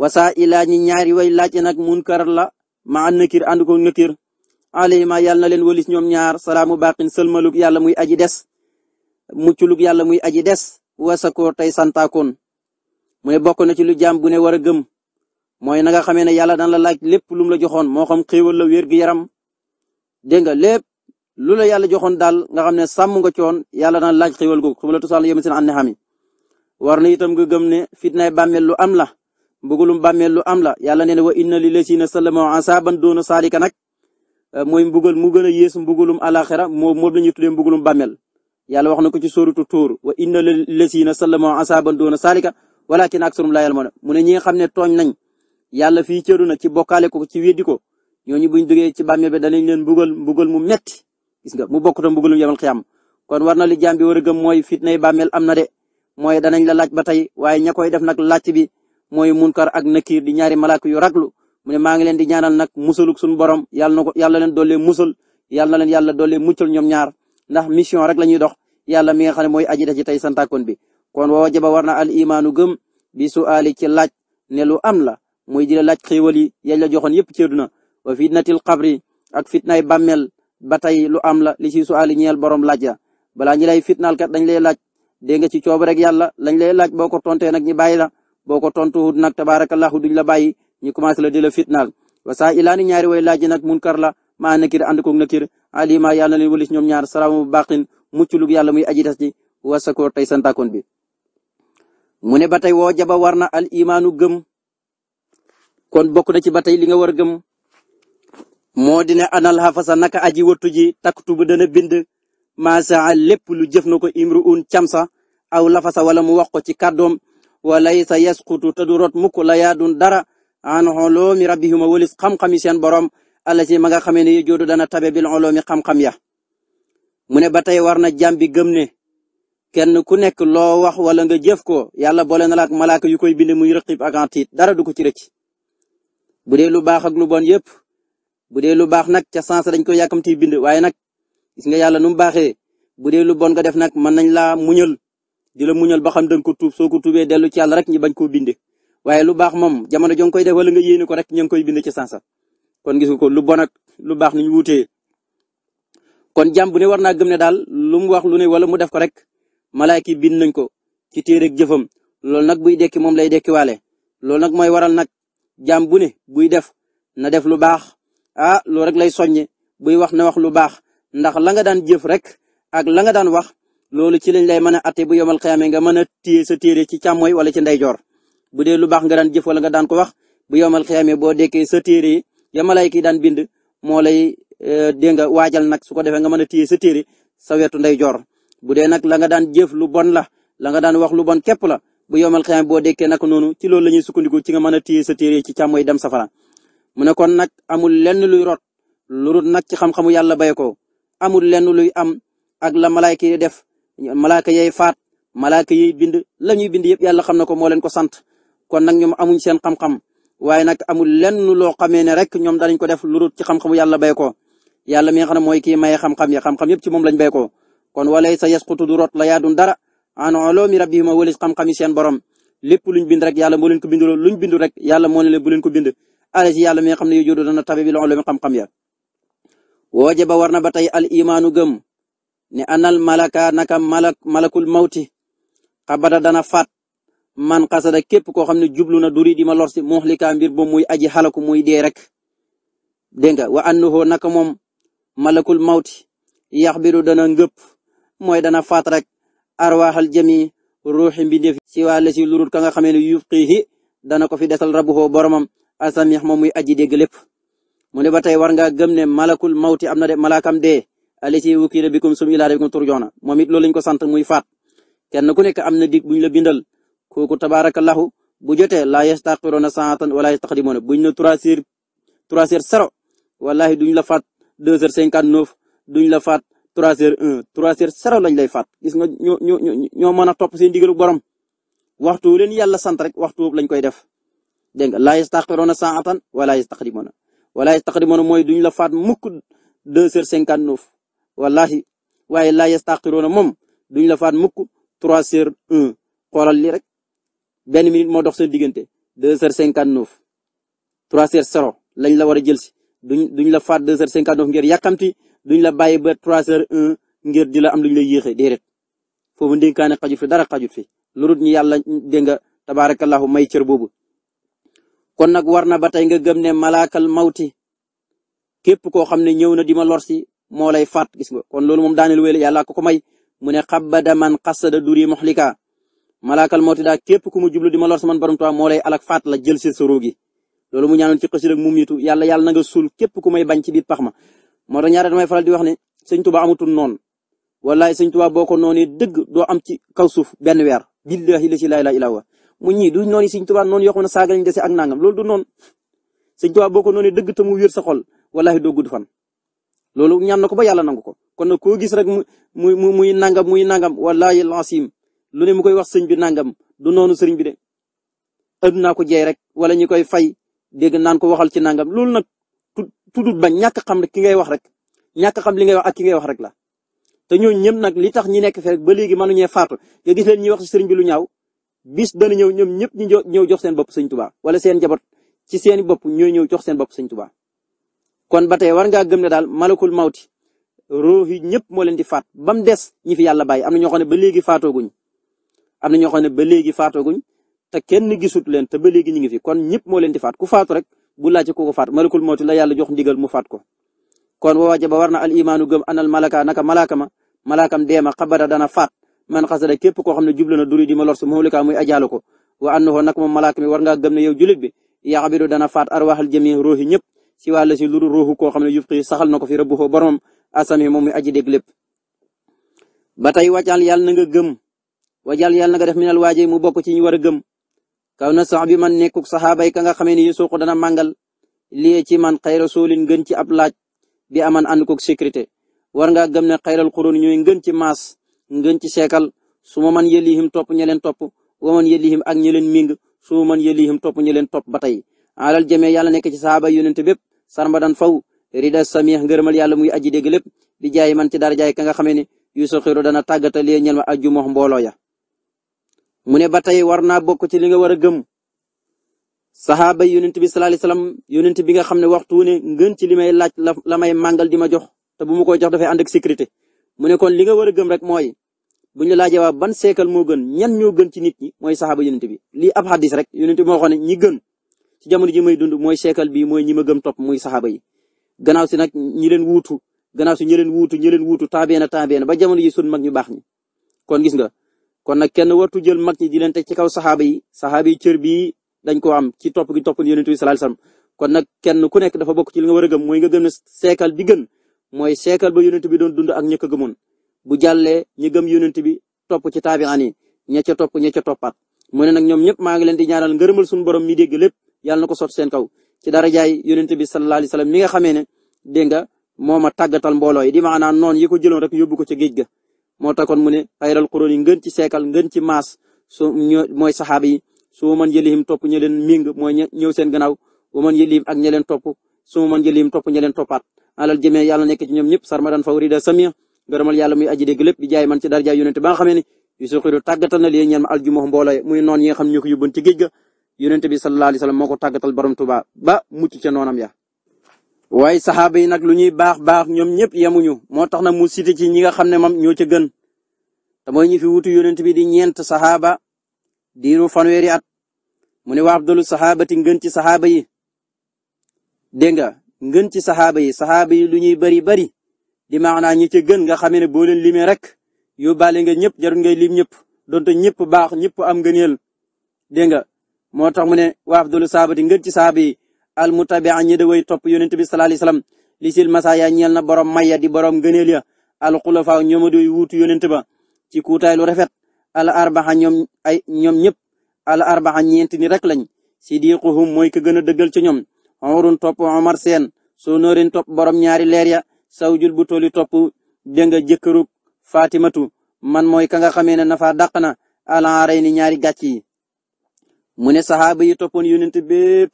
wasaa ilaa ñi ñaari way laaj ya nag munkar la ma an nakir ànd ko nakir alayhima yàlla na leen walis ñoom ñaar salaamu baqin sëlmalug yàlla muy aji des mucclug yàlla muy aji des wasakoo tey santaakoon mu ne bokk na ci lu jaam bu ne war a gëm mooy na nga xamee ne yàlla daan la laaj lépp lum la joxoon moo xam xéewal la yaram dégg nga lépp lu la yàlla joxoon daal nga xam ne sàmm nga coon yàlla daan laaj xéwal googu xam la tusaal yéen seen ànd xam war na itam ga gëm ne fitnaay bàmmeel lu am la mbugulum bàmmeel lu am la yàlla nee na wa inna li lasina salamoo asaban doona saalika nag euh, mooy mbugal mu gën a yées mbugulum alaxira moom moom la ñuy tuddee mbugulum bàmmeel wax na ko ci sóoratu tuur wa inna li lasina salamoo asaban doona saalika walakin aksarum laa yalmoona mu ne ñi nga xam ne tooñ nañ yàlla fii cëru na ci bokkaale ko ci weddi ko ñooñu buñ duggee ci bàmmeel bi danañ leen mbugal mbugal mu metti gis nga mu bokk tam mbugalum yamal xiyam kon war na li jaam bi war a gëm mooy fitnay bàmmeel am na de mooy danañ la laaj ba tey waaye ña koy def nag laaj bi mooy munkar ak nakiir di ñaari malaaka yu raglu mu ne maa ngi leen di ñaanal nag musaluk suñu borom yàlla na ko yàlla leen doole musal yàlla na leen yàlla doole muccal ñoom ñaar ndax mission rek la ñuy dox yàlla mi nga xam ne mooy aji da ci tey santakoon bi kon wa wajaba war na al imaanu gëm bi su aali ci laaj ne lu am la muy di la laaj xéewal yi yañ la joxoon yëpp ci àdduna wa fitnatil qabri ak fitnaay bàmmeel ba tey lu am la li ci suali ñeel borom laaj la balaa ñi lay fitnaal kat dañ lay laaj dégg ci coobu rek lañ lay laaj boo ko ñi bàyyi la boo ko tontuwut nag tabaarakallahu duñ la bàyyi ñu commencé la di la fitnaal wasaa ilaani ñaari way laaj nag munkar la ma nakir ànd koog nakir alima yàlla na leen walis ñoom ñaar salaamu baqin mucc lug yàlla muy aji des ji wasakoor tey bi mu ne ba tey woo jaba war al imaanu gëm kon bokk na ci war gëm moo di ne anal xafasa naka aji wattu ji taktubu dana bind masaa lépp lu jëf na ko imruun camsa aw lafasa wala mu wax ko ci kàddoom walay sa yasqutu te du rot mukk la yaa dun dara an xoloomi rabbihima walis xam-xami seen borom alla si ma nga xamee ne yi dana tabe bil xoloomi xam-xam ya mu ne ba tey war na jàm bi gëm ne kenn ku nekk loo wax wala nga jëf ko yàlla boole na la ak yu koy bind muy rëqib ak dara du ko ci rëcc bu dee lu baax ak lu bon yépp bu dee lu baax nag ca sens dañ koy ko yàkkamti bind waaye nag gis nga yàlla nu mu baaxee bu dee lu bon nga def nag mën nañ laa muñal di la muñal ba xam da nga ko tuub soo ko tuubee dellu ci yàlla rek ñu bañ koo bind waaye lu baax moom jamono jo nga koy def wala nga yéene ko rek ña ngi koy bind ca sens kon gis ko lu bon ak lu baax nu ñu wutee kon jàmm bu ne war naa gëm ne daal lu mu wax lu ne wala mu def ko rek malaayka yi bind nañ ko ci téere jëfam loolu nag buy dekki moom lay dekkiwaale loolu nag mooy waral nag jàmm bu ne buy def na def lu baax ah loolu rek lay soññe buy wax na wax lu baax ndax la nga daan jëf rek ak la nga daan wax loolu ci lañ lay mën a atte bu yomal xiyaame nga mën a téye sa téere ci càmmooy wala ci ndeyjoor bu dee lu baax nga daan jëf wala nga daan ko wax bu yomal xiyaame boo dekkee sa téere ya malayka yi daan bind moo lay eh, dégg nga waajal nag su ko defee nga mën a téye sa téere sa wetu bu dee nag la nga daan jëf lu bon la la nga daan wax lu bon képp la bu yomal xiyaame boo dekkee nag noonu ci loolu la ñuy sukkandiku ci nga mën a téye sa téere ci càmmooy dem safara mu ne kon nag amul lenn luy rot lu rut nag ci xam-xamu yàlla bay ko amul lenn luy am ak la malaayka yi def malaayka yay faat malaayka yiy bind la ñuy bind yëpp yàlla xam na ko moo leen ko sant kon nag ñoom amuñ seen xam-xam waaye nag amul lenn loo xamee ne rek ñoom danañ ko def lu rut ci xam-xamu yàlla bay ko yàlla mi nga xam ne mooy kii maye xam-xam yi xam-xam ci moom lañ bay ko kon walay sa yasqutu du rot la yaa dun dara an ulumi rabbihima xam-xam yi seen borom lépp luñ bind rek yàlla moo leen ko binduloo luñ bindu rek yàlla moo ne leen bu leen ko bind ala ci yàlla mi nga xam ne yu juddu dana tabe bi xam-xam ya wajaba war na ba tey al imaanu gëm ne anal malaka naka malak malakul mawti xabada dana faat man xasada képp koo xam ne jublu na duri di ma lor si mbir ba muy aji xalaku muy dee rek dégg wa annahu naka moom malakul mawti yaxbiru dana ngëpp mooy dana faat rek arwaaxal jami ruuxi mbindeef si waa la lurut ka nga ne yufqihi dana ko fi desal rabuhu boromam asamix moom muy aji dégg lépp mu ne ba tey war ngaa gëm ne malakul mawti am na de malaakam dee alisi wukila bikum sum ila rabbikum turjoona moom it loolu lañ ko sant muy faat kenn ku nekk am na dig buñ la bindal kooku tabaarakallahu bu jotee la yastaqiroona saatan wala yastaqdimoona buñ ne trois heures trois heures zéro wallahi duñ la faat deux heures cinquante neuf duñ la faat trois heures un trois heures zéro lañ lay faat gis nga ñoo ñoo ñoo mën a topp seen digalu borom waxtu leen yàlla sant rek waxtu boobu lañ koy def dégg nga laa yastaxiroona saatan wala yastaqdimoona wala yastaqdimoona mooy duñ la faat mukk deux heures cinquante neuf wallahi waaye laa yastaxiroona moom duñ la faat mukk trois heures un xoolal li rek benn minute moo dox seen diggante deux heures cinquante neuf trois heures zéro lañ la war a jël si duñ duñ la faat deux heures cinquante neuf ngir yàkkamti duñ la bàyyi ba trois heures un ngir di la am luñ lay yéexee déedéet foofu ndénkaane xajut fi dara xajut fi lu dul ñu yàlla dégg nga tabaarakallahu may cër boobu kon nag war na ba tey nga gëm ne malaakal mawti képp koo xam ne ñëw na di ma lor si moo lay faat gis nga kon loolu moom daaneel wéyal yàlla ko ko may mu ne xabada man xasada duri moxlika malaakal mawti daa képp ku mu jublu di ma lor si man borom tuwa moo lay alak faat la jël si sa loolu mu ñaanoon ci xasir ak mum yitu yàlla yàlla na nga suul képp ku may bañ ci biir pax ma moo tax ñaare damay faral di wax ne sëñ Tuubaa amatul noonu wallaay sëñ Tuubaa boo ko noonee dëgg doo am ci kaw suuf benn weer billahi la ilaha illa huwa mu ñii du noonu Sëñ Tuubaa noonu yoo xam ne saaga lañ dese ak nangam loolu du noonu Sëñ Tuubaa boo ko noonee dëgg ta mu wér sa xol wallaahi doo gudd fan. loolu ñaan na ko ba yàlla nangu ko kon nag koo gis rek mu muy muy nangam muy nangam wallaahi lancim lu ne mu koy wax sëñ bi nangam du noonu seriñ bi de. addunaa ko jeey rek wala ñi koy fay dégg naan ko waxal ci nangam loolu nag tuddut ba ñàkk xam ki ngay wax rek ñàkk xam li ngay wax ak ki ngay wax rek la. te ñooñu ñëpp nag li tax ñi nekk fi rek ba léegi mënuñee faatu nga gis leen ñuy wax si bi lu ñaaw bis dana ñëw ñëpp ñu ñëw jox seen bopp sëñ Tuubaa wala seen njaboot ci seeni bopp ñooy ñëw jox seen bopp sëñ Tuubaa kon ba tey war ngaa gëm ne daal malakul mawti ruux yi ñëpp moo leen di faat ba mu des ñi fi yàlla bàyyi am na ñoo xam ne ba léegi faatooguñ am na ñoo xam ne ba léegi faatooguñ te kenn gisut leen te ba léegi ñu ngi fi kon ñëpp moo leen di faat ku faatu rek bu laajte ku ko faat malakul mawti la yàlla jox ndigal mu faat ko kon wa wajaba war na al imaanu gëm anal malaka naka malaaka ma malaakam deema xabada man xasada képp koo xam ne jublu na duri di ma lor su muhlika muy ajaalu ko wa annahu nag moom malaaka mi war ngaa gëm ne yow julit bi yaxbidu dana faat arwaxal jami ruuxi ñëpp si wàll si luru ruuxu koo xam ne yuf xii saxal na ko fi rabbuhu boromam asami moom muy aji dégg lépp ba tey wàccal yàlla na nga gëm wajal yàlla na nga def minal waaje mu bokk ci ñu war a gëm kaw na sax bi man nekkuk saxaaba yi ka nga xamee ni yusuuqu dana màngal lii ci man xayra soolin gën ci ab laaj bi aman ànd kook sécurité war ngaa gëm ne xayral xuróon ñooy ngën ci maas ngeen ci seekal su ma man yelihim topp ña leen topp wa man yelihim ak ña leen ming su ma man yelihim topp ña leen topp ba tey alal jamee yàlla nekk ci saaba yonente bépp sarmadan faw rida samih ngërëmal yàlla muy aji dégg lépp di jaay man ci dara jaay ka nga xamee ne yuusu xiru dana tàggatalee ñel ma aju moox mbooloo ya mu ne ba tey war naa bokk ci li nga war a gëm saxaaba yonent bi sallallahu alayhi wasallam yonent bi nga xam ne waxtu ne ngën ci li may laaj la may màngal di ma jox te bu ma koy jox dafay ànd ak sécurité mu ne kon li nga war a gëm rek mooy bu ñu la laajee waa ban seekal moo gën ñan ñoo gën ci nit ñi mooy saxaaba yonent bi lii ab xadis rek yonent bi moo xam ne ñi gën ci jamono ji may dund mooy seekal bii mooy ñi ma gëm topp muy saxaaba yi gannaaw si nag ñi leen wuutu gannaaw si ñi leen wuutu ñi leen wuutu taabeena taabeena ba jamono ji sun mag ñu baax ñi kon gis nga kon nag kenn wartu jël mag ñi di leen teg ci kaw saxaaba yi saxaaba yi cër bii dañ koo am ci topp gi topp yonent salal sallallahu alayhi kon nag kenn ku nekk dafa bokk ci li nga war a gëm mooy nga gëm seekal bi gën mooy seekal ba yonent bi doon dund ak ñi ko gëmoon bu jàllee ñi gëm yonent bi topp ci taabixaan yi ña ca topp ña ca toppaat mu ne nag ñoom ñëpp maa ngi leen di ñaanal ngërëmal suñu borom mi dégg lépp yàlla ko sot seen kaw ci darajaay yonent bi sallallahu alayhi wasallam mi nga xamee ne dégg nga moo ma tàggatal mbooloo yi di maanaam noonu yi ko jëloon rek yóbbu ko ca géej ga moo taxoon mu ne xayral quroon yi ngën ci seekal ngën ci maas su mooy saxaaba yi su ma mën yëlihim topp ña leen ming mooy ñëw ganaw gannaaw wa man yëlihim ak ña leen topp su ma mën yëlihim topp ña leen toppaat alal jëmee yàlla nekk ci ñoom ñëpp sarmadan fawrida samia gërëmal yàlla muy aji dégg lépp di man ci darja yonente ba nga xamee ne yusu xiru tàggatal na lii ñeen ma aljuma mbooloo muy noon yi nga xam ñoo ko yóbboon ci géej yonente bi sallallahu alayhi wasallam moo ko tàggatal borom tuba ba mucc ca noonam ya waaye saxaaba yi nag lu ñuy baax baax ñoom ñëpp yemuñu moo tax nag mu cité ci ñi nga xam ne moom ñoo ca gën te ñi fi wutu yonent bi di ñeent saxaaba di fanweeri at mu ne waa abdulu saxaabati ngën ci saxaaba yi dégg nga ngën ci saxaaba yi saxaaba yi lu ñuy bari bari di maanaa ñi ci gën nga xamee ne boo leen limee rek yóbbaale nga ñëpp jarul ngay lim ñëpp donte ñëpp baax ñëpp am ngëneel dégg nga moo tax mu ne wa afdalu saabati ngën ci saaba yi al mutabi'a ñi da way topp yonent bi sallallahu alayhi wasallam li sil masaya ñeel na borom maya di borom ngëneel ya al xulafaa ñoom doy wuutu yonent ba ci kuutaay lu rafet al arbaxa ñoom ay ñoom ñëpp al arbaxa ñeenti ni rek lañ sidiquhum mooy ka gën a dëggal ci ñoom umrun topp Omar seen soo noorin topp borom ñaari leer ya sawjul bu toli topp dégg jëkkërug Fatimatu man mooy ka nga xamee ne nafa dàq na alaarey ni ñaari gàcc yi. mu ne saxaaba yi toppoon yonent bépp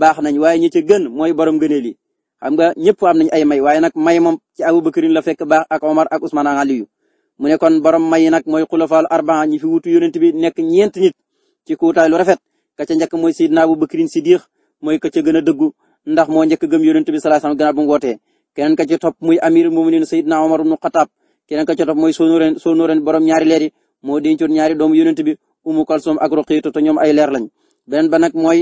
baax waaye ñi ci gën mooy borom gëneel yi xam nga ñëpp am nañ ay may waaye nag may moom ci Abubakarin la fekk baax ak Omar ak Ousmane ak Aliyu mu ne kon borom may nag mooy xulafaalu arbaa ñi fi wutu yonent bi nekk ñeent nit ci kuutaay lu rafet ka ca njëkk mooy Sidna Abubakarin Sidiq mooy ka ca a dëggu ndax moo njëkk gëm yonent bi sallallahu alayhi wasallam gannaaw bu mu wootee keneen ka ci topp muy amirul muminin Umar ibn Khattab keneen ka ci topp mooy sonoren borom ñaari leer moo dencoon ñaari doomu yonent bi Umu Kalsum ak Ruqaytu te ñoom ay leer lañ beneen ba nag mooy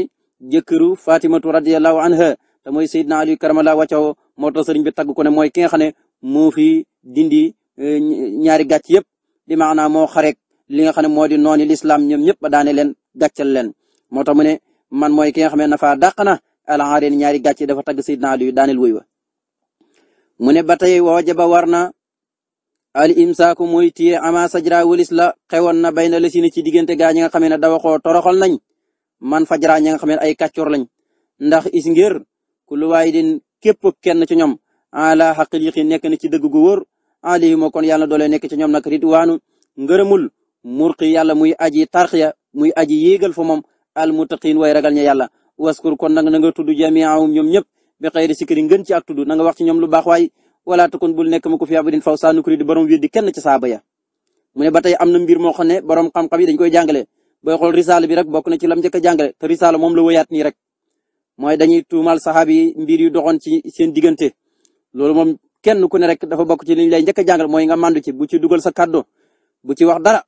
jëkkëru Fatimatu radiyallahu anha te mooy sayyidna Ali karamallahu wajhahu moo tax sëriñ bi tagg ko ne mooy ki nga xam ne dindi e, ñaari gàcc yëpp di maanaam moo xareek li nga xam ne moo di nooni lislaam ñoom ñëpp ba daane leen gàccal man mooy ki nga xam ne nafa dàq na alxaareen ñaari gàcce dafa tagg Seydina Aliyu daaneel wuy wa mu ne ba tey wajaba war na al imsaaku mooy téye ama sajra walis la xewoon na bay na la si ci diggante gaa ñi nga xam ne dawa ko toroxal nañ man fajra ñi nga xam ne ay kàccoor lañ ndax is ngir ku lu waay din képp kenn ci ñoom ala xaqiiqi nekk na ci dëgg gu wóor alayhi moo kon yàlla doole nekk ci ñoom nag ridwaanu ngërëmul murqi yàlla muy aji tarxiya muy aji yéegal fa moom almuttaqin way ragal ña yàlla waskur kon nag na nga tudd jamiahum ñoom ñëpp bi xayri ngën ci ak tudd na wax ci ñoom lu baax waay wala takun bul nekk ma ko fi abadin faw saanu kuri di borom weddi kenn ca saaba ya mu ne am na mbir moo xam ne borom xam-xam yi dañ koy jàngale booy xool risaala bi rek bokk na ci lam njëkk a jàngale te risaala moom la wëyaat nii rek mooy dañuy tuumal saxaab yi mbir yu doxoon ci seen diggante loolu moom kenn ku ne rek dafa bokk ci liñ lay njëkk jàngal mooy nga màndu ci bu ci dugal sa kàddu bu ci wax dara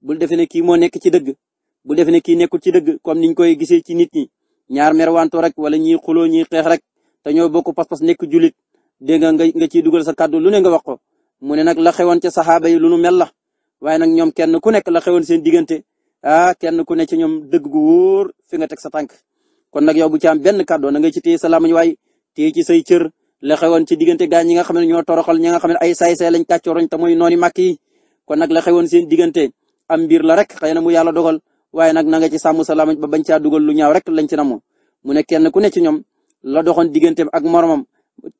bul defe ne kii moo nekk ci dëgg bu defee ne kii nekkul ci dëgg comme niñ koy gisee ci nit ñi ñaar merwanto rek wala ñiy xuloo ñiy xeex rek te ñoo bokk pas-pas nekk julit dégg nga nga ciy dugal sa kàddu lu ne nga wax ko mu ne nag la xewoon ca saxaaba yi lu nu mel la waaye nag ñoom kenn ku nekk la xewoon seen diggante a ah, kenn ku nek ci ñoom dëgg gu wóor fi nga teg sa tànk kon nag yow bu ci am benn kàddu na nga ci téye sa lamañ waay téye ci say cër la xewoon ci diggante gaa ñi nga xam ne ñoo toroxal ñi nga xam ne ay saay-saay lañ kàccooroñ te mooy nooni màkk yi kon nag la xewoon seen diggante am mbir la rek xëy na mu yàlla dogal waaye nag na nga ci sàmm sa làmmiñ ba bañ caa dugal lu ñaaw rek lañ ci namu mu kenn ku ne ci ñoom la doxoon digganteem ak moromam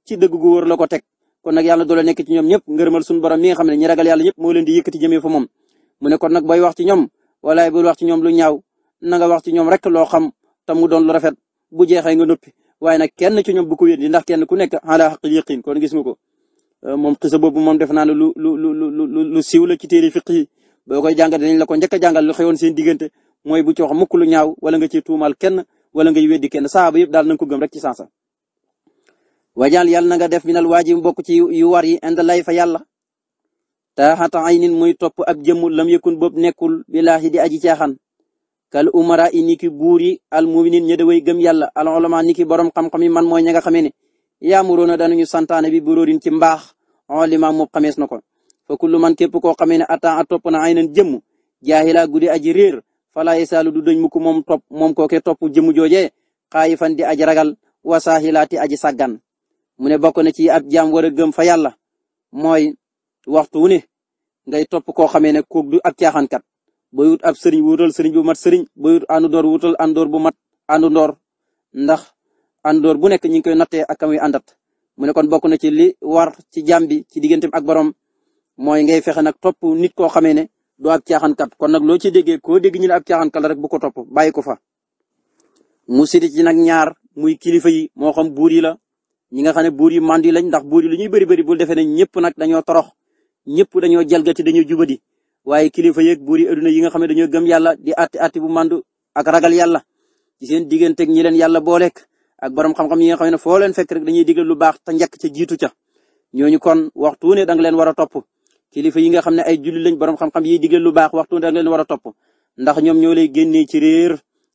ci dëgg gu wóor la ko teg kon nag yàlla doole nekk ci ñoom ñëpp ngërëmal suñu borom mi nga xam ne ñi ragal yàlla ñëpp moo leen di yëkkati jëmee fa moom ne kon nag booy wax ci ñoom walaay bul wax ci ñoom lu ñaaw na wax ci ñoom rek loo xam te mu doon lu rafet bu jeexee nga noppi waaye nag kenn ci ñoom bu ko wéddi ndax kenn ku nekk ala xaqil yaqin kon gis nga ko moom xisa boobu moom def naa ne lu lu lu lu siiw la ci téere fiq yi boo koy jàngal dinañ la ko njëkk a jàngal lu xewoon seen diggante mooy bu ci wax mukk lu ñaaw wala nga kenn wala ngay weddi kenn saaba yëpp daal na ko gëm rek ci sansa wajaal yàlla na nga def minal waajib bokk ci yu war yi inda lay fa yàlla taaxata aynin muy topp ab jëmm lam yëkkun boobu nekkul bilaahi di aji caaxaan kal umara i ni ki buur yi al muminin ña daway gëm yàlla al ulama ni ki borom xam-xam yi man mooy ña nga xamee ne yaamuroona danañu santaane bi buróorin ci mbaax olima moom xamees na ko fa kullu man képp koo xamee ne attan a topp na ay nan jëmm jaahila guddi aji réer fala isaalu du dëñ mukk moom topp moom kooke topp jëmu jooje xaayi fan di aji ragal wa saahilaati aji sàggan mu ne bokk na ci ab jaam war a gëm fa yàlla mooy waxtu wu ne ngay topp koo xamee ne kook du ab caaxaankat booy wut ab sëriñ sëriñ bu mat sëriñ booy wut àndu door wutal bu mat àndu ndoor ndax àndoor bu nekk ñu ngi koy nattee ak kon bokk na ci li war ci jaam bi ci digganteem ak borom mooy ngay fexe nag topp nit koo xamee ne du ab caaxaankat kon nag loo ci déggee koo dégg ñu ne ab caaxaankat la rek bu ko topp bàyyi ko fa. mu siti ci nag ñaar muy kilifa yi moo xam buur yi la ñi nga xam ne buur yi mandi lañ ndax buur yi lu ñuy bëri bëri bul defee ne ñëpp nag dañoo torox ñëpp dañoo jalgati dañoo jubadi waaye kilifa yeeg buur yi adduna yi nga xam ne dañoo gëm yàlla di atti ati bu mandu ak ragal yàlla ci seen digganteeg ñi leen yàlla booleeg ak borom xam-xam yi nga xam ne foo leen fekk rek dañuy digal lu baax te njëkk ca jiitu ca ñooñu kon waxtu ne da nga leen war a topp kilifa yi nga xam ne ay julli lañ borom xam-xam yiy digal lu baax waxtu da nga leen war a topp ndax ñoom ñoo lay génnee ci réer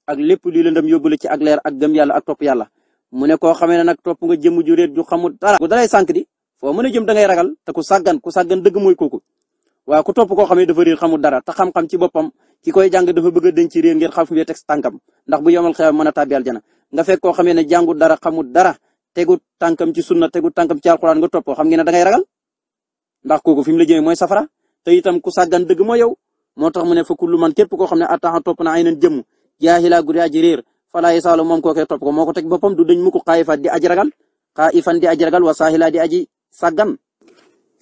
ak lépp luy lëndëm yóbbu la ci ak leer ak gëm yàlla ak topp yàlla mu ne koo xamee ne nag topp nga jëmm ju réer ju xamul dara bu dalay sànq di foo mën a jëm da ragal te ku sàggan ku sàggan dëgg mooy kooku waaw ku topp koo xam ne dafa réer xamul dara te xam-xam ci boppam ki koy jàng dafa bëgg a denc ci réer ngir xam fu mu teg tànkam ndax bu yomal xew mën a tàbbi aljana nga fekk xamee ne jàngu dara xamul dara tegu tànkam ci sunna tegu tànkam ci alxuraan nga topp xam ngeen ne da ngay ragal ndax kooku fi la jëmee mooy safara te itam ku sàggan dëgg moo yow moo tax mu ne fa kullu man képp koo xam ne attaxa topp na ay nan jëmm jaahila guddi aji réer falaa yasaalu moom kookee topp ko moo ko teg boppam du dañ mu ko xaayifa di aji ragal xaayifan di aji ragal wa saahila di aji sàggan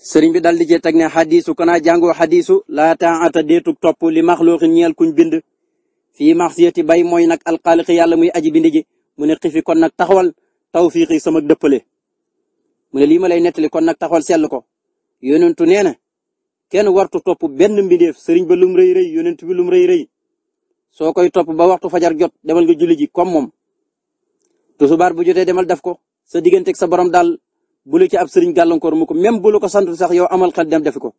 sëriñ bi dal di cee teg ne xadiisu kanaa jàngoo xadiisu laa taata deetug topp li maxluuqin ñeel kuñ bind fii maxsiyati bay mooy nag alxaaliqi yàlla muy aji bind ji mu ne xifi kon nag taxawal tawfiiqi sama dëppale mu ne lii ma lay nettali kon nag taxawal seetlu ko yonentu nee na kenn wartu topp benn mbindeef sëriñ ba lum rëy rëy yonent bi lum rëy rëy soo koy topp ba waxtu fajar jot demal nga julli ji comme moom tusubaar bu jotee demal def ko sa digganteeg sa borom daal bu la ci ab sëriñ gàllankoor mu ko même bu ko sant sax yow amal xel dem defi ko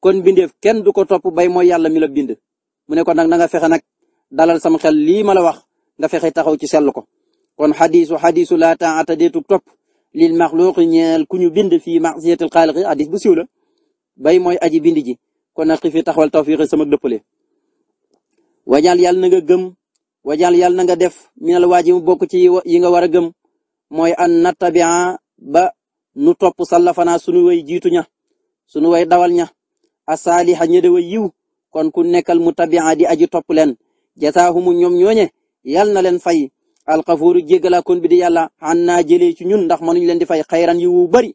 kon bindeef kenn du ko topp bay mooy yàlla mi la bind mu ne ko nag na fexe nag dalal sama xel lii ma la wax nga fexe taxaw ci sell ko kon xadiisu xadiisu laa taata deetug topp li maxluuq ñeel ku ñu bind fi ma'siyatil xaaliq hadis bu siiw la bay mooy aji bind ji kon nag fi taxawal tawfiq sama dëppale. wajaal yàlla na nga gëm wajaal yàlla na nga def minal waajib mu bokk ci yi nga war a gëm mooy an nattabia ba nu topp sallafanaa sunu way jiitu ña sunu way dawal ña asaaliha ña de yiw kon ku nekkal mu tabia di aji topp leen jataahumu ñoom ñooñe yàlla na leen fay. alxafuuru jéggalaakoon bi di yàlla an naa jëlee ci ñun ndax mënuñ leen di fay xayran yu wu bëri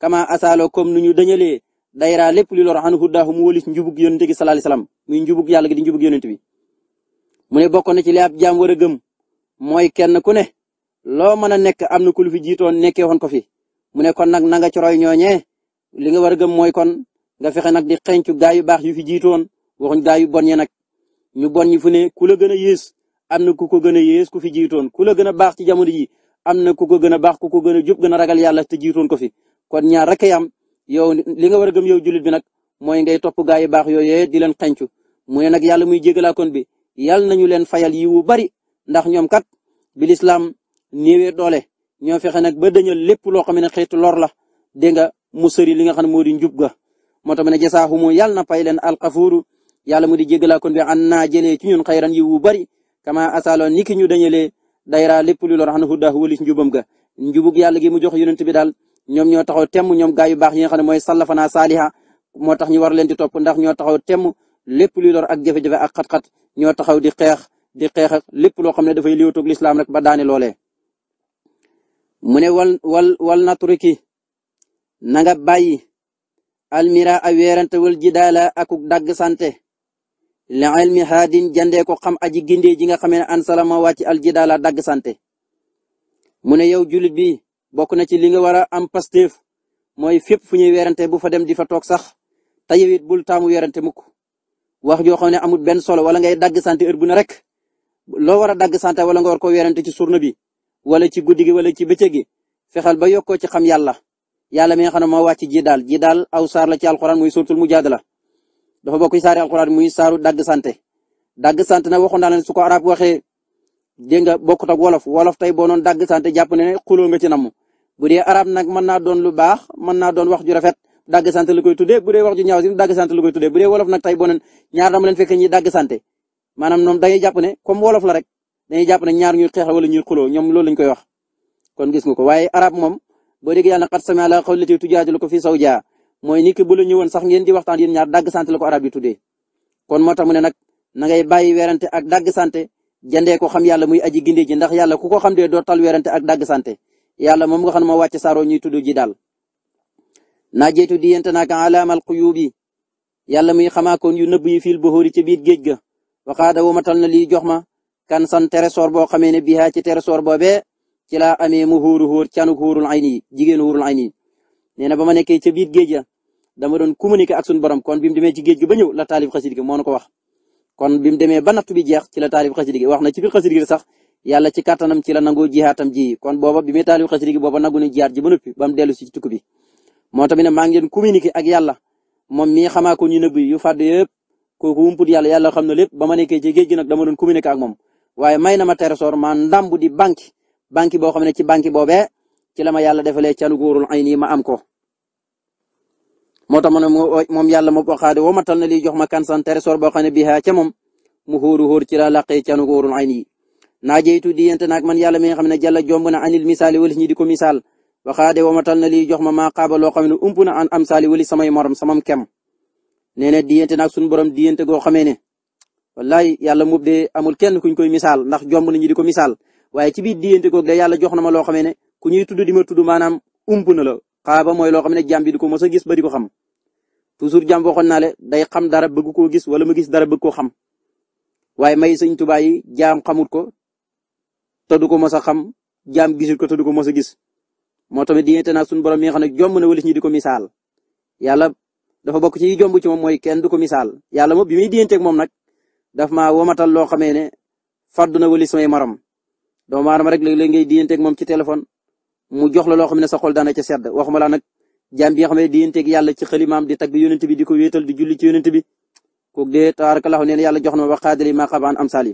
kama asaalo comme nu ñu dañalee dayraa lépp li lor an huddaahu mu wëlis njubug yonente gi sallallahu alayhi wasallam di njubug yonente bi mu ne bokk na ci li ab jaam war a gëm mooy kenn ku ne loo mën nekk am na ku lu fi jiitoon nekkee woon ko fi mu ne kon nag na nga ci roy ñooñee li nga war gëm mooy kon nga fexe nag di xencu gaa yu baax yu fi jiitoon waxuñ gaa yu bon ñu bon ñi fu ne ku am na ku ko gën a yées ku fi jiitoon ku la gën a baax ci jamono ji am na ku ko gën a baax ku ko gën a jub gën ragal yàlla te jiitoon ko fi kon ñaar rek am yow li nga war a gëm yow jullit bi nag mooy ngay topp yi baax yooyee di leen xencu mu ne nag yàlla muy jégalaakoon bi yàlla nañu leen fayal yi wu bari ndax ñoom kat bi lislaam néewee doole ñoo fexe nag ba dañal lépp loo xam ne xeetu lor la dégg nga mu sëri li nga xam ne moo di njub ga moo tax ma ne jasaahumu yàlla na fay leen alxafuuru yàlla mu di jégalaakoon bi an naa jëlee ci ñun xayran yi wu bari kama asaloon niki ñu dañalee dayra lépp lu lor xana huddaahu walis njubam ga njubug yàlla gi mu jox yonent bi daal ñoom ñoo taxaw temm ñoom gaay yu baax yi nga xam ne mooy sallafana saaliha moo tax ñu war leen di topp ndax ñoo taxaw temm lépp luy lor ak jafe-jafe ak xat-xat ñoo taxaw di xeex di xeex ak lépp loo xam ne dafay liwatoog lislaam rek ba daane loolee ne wal wal wal naturiki na nga bàyyi almira a weerante wal jidaala akuk dagg sante li ilmi haadin jandee ko xam aji gindee ji nga xamee ne an salama wàcc aljidaala dagg sante mu ne yow jullit bi bokk na ci li nga war a am pasteef mooy fépp fu ñuy werante bu fa dem di fa toog sax te yow it bul taamu werante mukk wax joo xam ne amul benn solo wala ngay dagg sante bu ne rek loo war a dagg sante wala nga war ko werante ci surna bi wala ci guddi gi wala ci bëccëg gi fexeel ba yokkoo ci xam yàlla yalla mi nga xam ne moo wàcc ji daal ji daal aw saar la ci alxuraan muy suratul mujaadala dafa bokk ci saari alquran muy saaru dagg sante dagg sant nag waxoon naa leen su ko arab waxee dégg nga bokkut ak wolof wolof tey boo noon dagg sante jàpp ne xuloo nga ci namm bu dee arab nag mën naa doon lu baax mën naa doon wax ju rafet dagg sant la koy tuddee bu dee wax ju ñaaw si dagg sant la koy tuddee bu dee wolof nag tey boo noon ñaar dama leen ñi dagg sante maanaam ñoom day jàpp ne comme wolof la rek day jàpp ne ñaar ñuy xeex wala ñuy xuloo ñoom loolu lañ koy wax kon gis nga ko waaye arab moom boo déggee yàlla qad sami'a Allahu qawla llati tujaadiluka fi zawjiha mooy nit ki bu la sax ngeen di waxtan yéen ñaar dagg sante la ko arab yi tuddee kon moo tax mu ne nag na ngay bàyyi werante ak dagg sante jandee ko xam yàlla muy aji ginde ji ndax yàlla ku ko xam dee doo tal werante ak sante yàlla moom nga xam ne moo wàcc saaroo ñuy tudd ji daal naajeetu di yente naaka alaamal xuyuub yi yàlla muy xamaakoon yu nëbb yi fil bahóori ci biir géej ga waxaada womatal na lii jox ma kan san trésor boo xamee ne bihaa ci trésor boobee ci laa amee mu hóoru hóor canuk hóorul ayni jigéen hóorul ayni nee na ba ma nekkee ca biir géej ga dama doon communiquer ak suñu borom kon bi mu demee ci géej gi ba ñëw la taalif xasida gi na ko wax kon bi mu ba natt bi jeex ci la taalif xasida gi wax na ci biir xasida gi sax yàlla ci kàttanam ci la nangoo jihaatam ji kon booba bi taalif xasida booba nangu na ji ba noppi ba dellu ci tukki moo tamit ne maa ngi leen communiquer ak yàlla moom mii xamaa ko ñu nëbb yu fàdd yëpp kooku wumput yàlla yàlla xam na lépp ba ma nekkee ci géej gi dama doon communiquer ak moom waaye may na ma trésor ma ndàmb di banque xam ne ci banque boobee ci la ma yàlla defalee ca lu góorul am ko moo tax ma ne moom yàlla ma ko xaade woo matal na lii jox ma kansan trésor boo xam ne bii ca moom mu xóoru xóor ci la laqee canu ay nii naa jeytu diyante naag man yàlla mi nga xam ne jàlla jomb na anil misaali walis ñi di ko misaal waxaade wamatal na lii jox ma maa xaaba loo xam ne ump na an am saali walis samay morom samam kem nee na diyante naag borom diyante goo xamee ne wallaay yàlla moom de amul kenn kuñ koy misaal ndax jomb na ñi di ko misaal waaye ci biir diyante googu de yàlla jox na ma loo xamee ne ku ñuy tudd di ma tudd maanaam ump na la xaaba mooy loo xam ne jàmm ko mos a gis ba ko xam toujours jàmm waxoon naa le day xam dara bëgg koo gis wala ma gis dara bëgg koo xam waaye may sañ Tuubaa yi jaam xamut ko te du ko mos a xam jaam gisul ko te du ko mos a gis moo tamit di naa suñu borom mi nga xam ne jomb na walis ñi di ko misaal yàlla dafa bokk ci jomb ci moom mooy kenn du ko misaal yàlla moom bi muy diyanteeg moom nag daf maa womatal loo xamee ne fàddu na walis samay maram doomu aadama rek léeg-léeg ngay diyanteeg moom ci téléphone mu jox la loo xam ne sa xol ca sedd waxuma laa nag jaam bi nga xam ne diyanteeg yàlla ci xalimaam di tagg yonent bi di ko wéetal di julli ci yonent bi kooku de tabaarakallahu nee na yàlla jox na wa qaadili ma qabaan amsaali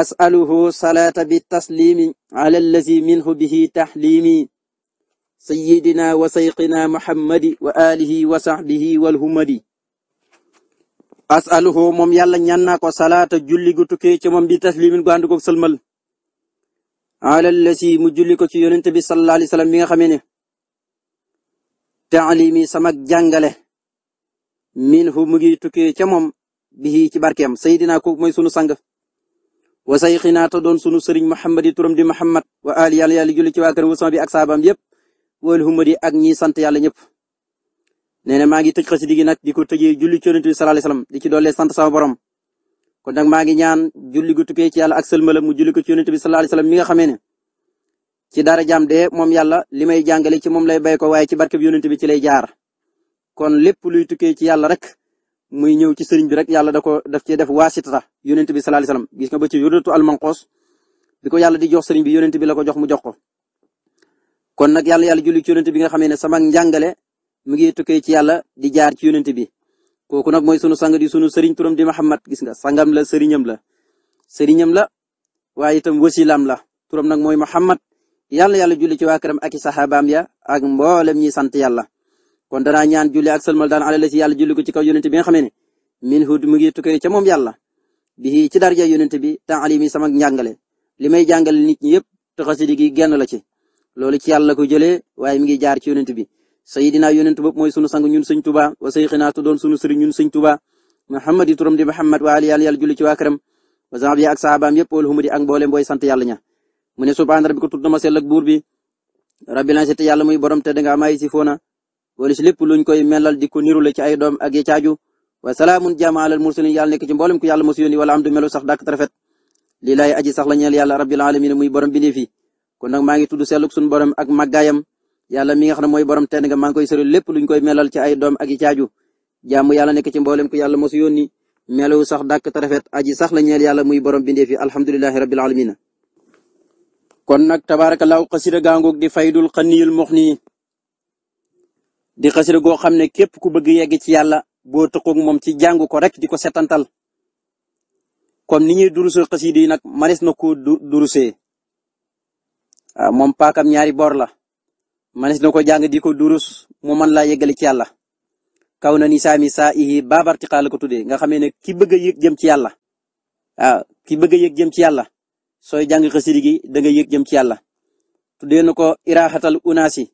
asaluhu salaata bi taslimi ala allazi minhu bihi taxlimi sayidina wa sayqina muhammadi wa alihi wa saxbihi walhumadi asaluhu moom yàlla ñaan naa ko salaata julli gu tukkee ci moom bi taslimin gu ànd ko sëlmal mu julli ko ci yonent bi sallallahu wa sallam mi nga xamee ne taalimi sama jàngale minhu mu ngi tukkee ca moom bihi ci barkeem sayidina kooku mooy sunu sang wa sayxinaa ta doon sunu sëriñ muhammad yi turam di muhammad wa ali yàlla yàlla julli ci waa kër wusama bi ak saabaam yëpp wal humadi ak ñi sant yàlla ñëpp nee na maa ngi tëj xasida gi nag di ko tëjee julli ci yonent bi sallallahu alayhi wasallam di ci doole sant sama borom kon nag maa ngi ñaan julli gu tukkee ci yàlla ak sëlmalam mu julli ko ci yonent bi sallallahu alayhi mi nga xamee ne ci dara jam de moom yàlla li may jàngale ci moom lay bay ko waaye ci barke bi yonent bi ci lay jaar kon lépp luy tukkee ci yàlla rek muy ñëw ci sëriñ bi rek yàlla da ko daf cee def waasita yonent bi sallallahu alayhi wasallam gis nga ba ci yurdatu almanqos bi ko yàlla di jox sëriñ bi yonent bi la ko jox mu jox ko kon nag yàlla yàlla julli ci yonent bi nga xamee ne sama njàngale mu ngi tukkee ci yàlla di jaar ci yonent bi kooku nag mooy sunu sang di sunu sëriñ turam di Muhammad gis nga sangam la sëriñam la sëriñam la waaye itam la yàlla yàlla julli ci waa këram ak i saxaabaam ya ak mboolem ñi sant yàlla kon danaa ñaan julli ak sëlmal daan alal si yàlla julli ko ci kaw yonent bi nga xamee ne min hud mu ngi tukkee ca moom yàlla bi ci darja yonent bi taalimi sama njàngale li may jàngal nit ñi yëpp te xasidi gi genn la ci loolu ci yàlla ko jëlee waaye mi ngi jaar ci yonent bi sayidina yonent bopp mooy sunu sang ñun sëñ tuba wa sayxinaa tu doon sunu sëriñ ñun sëñ tuba muhammad yi turam di muhammad wa ali yàlla yàlla julli ci waa këram wa sahbi ak yëpp wal humudi booy sant yàlla ña mu ne subhaana rabbika tudd na ma sell ak buur bi rabbil izzati muy borom te danga may si foona wala si lépp luñ koy melal di ko nirule ci ay doom ak ya caaju wa salaamun jaama alal mursalin yàlla nekk ci mboolem ku yàlla mos yónni wala am du melu sax dàkk rafet lii aji sax la ñeel yàlla rabbil alamin muy borom bi fi kon nag maa ngi tudd selluk suñu borom ak màggaayam yàlla mi nga xam ne mooy borom tedd nga maa ngi koy sori lépp luñ koy melal ci ay doom ak i caaju jàmm yàlla nekk ci mboolem ku yàlla rafet aji sax la yàlla muy borom bindee fi alhamdulilahi rabbil alamin kon nag tabaarakallaahu xasida gaangoog di faydul xaniyul ni di xasida goo xam ne képp ku bëgg yegg ci yàlla boo tëqoog moom ci jàng ko rek di ko setantal kon ni ñuy durusee xasida yi nag manes na ko durusee waaw ah, moom paakam ñaari bor la manes na ko jàng di ko durus mu mën laa yeggale ci yàlla kaw na ni saami saa ihi baabartiqaa la ko tuddee nga xam ne ki bëgg a jëm ci yàlla waaw ah, ki bëgg a jëm ci yàlla sooy jàng xasida gi da nga jëm ci yàlla. tuddee na ko iraaxatal unaasi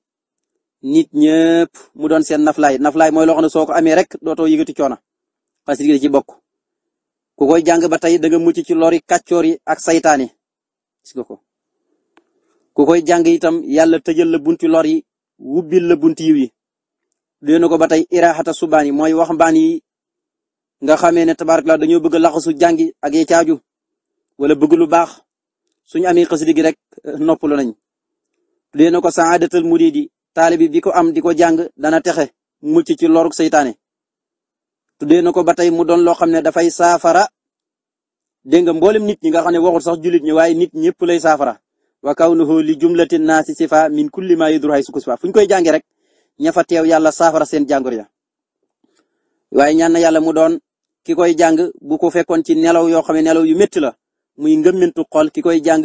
nit ñëpp mu doon seen naflaay naflaay mooy loo xam ne soo ko amee rek dootoo yëgati coono xasida gi da ci bokk. ku koy jàng ba tey da nga mucc ci lori kàccoor yi ak saytaane gis nga ko. ku koy jàng itam yàlla tëjal la bunti lor yi wubbil la bunti yiw yi. tuddee na ko ba tey iraaxata subaan yi mooy waxambaan yi nga xamee ne tabarak la dañoo bëgg a laxasu jàngi ak ya wala bëgg lu baax. suñu amee xasida gi rek eh, noppalu nañ lii na ko saadatul muridi taalibi bi ko am di ko jàng dana texe mucc ci loruk seytaane tuddee na ko ba tey mu doon loo xam ne dafay saafara dégg nga mboolem nit ñi nga xam ne waxul sax jullit ñi waaye nit ñëpp lay saafara wa kawnuhu li jumlatin naasi sifa min kulli ma yudru hay sukus fa fu ñu koy jàngee rek ña fa teew yàlla saafara seen jàngoro ya waaye ñaan na yàlla mu doon ki koy jàng bu ko fekkoon ci nelaw yoo xam ne nelaw yu métti la muy ngëmmintu xol ki koy jàng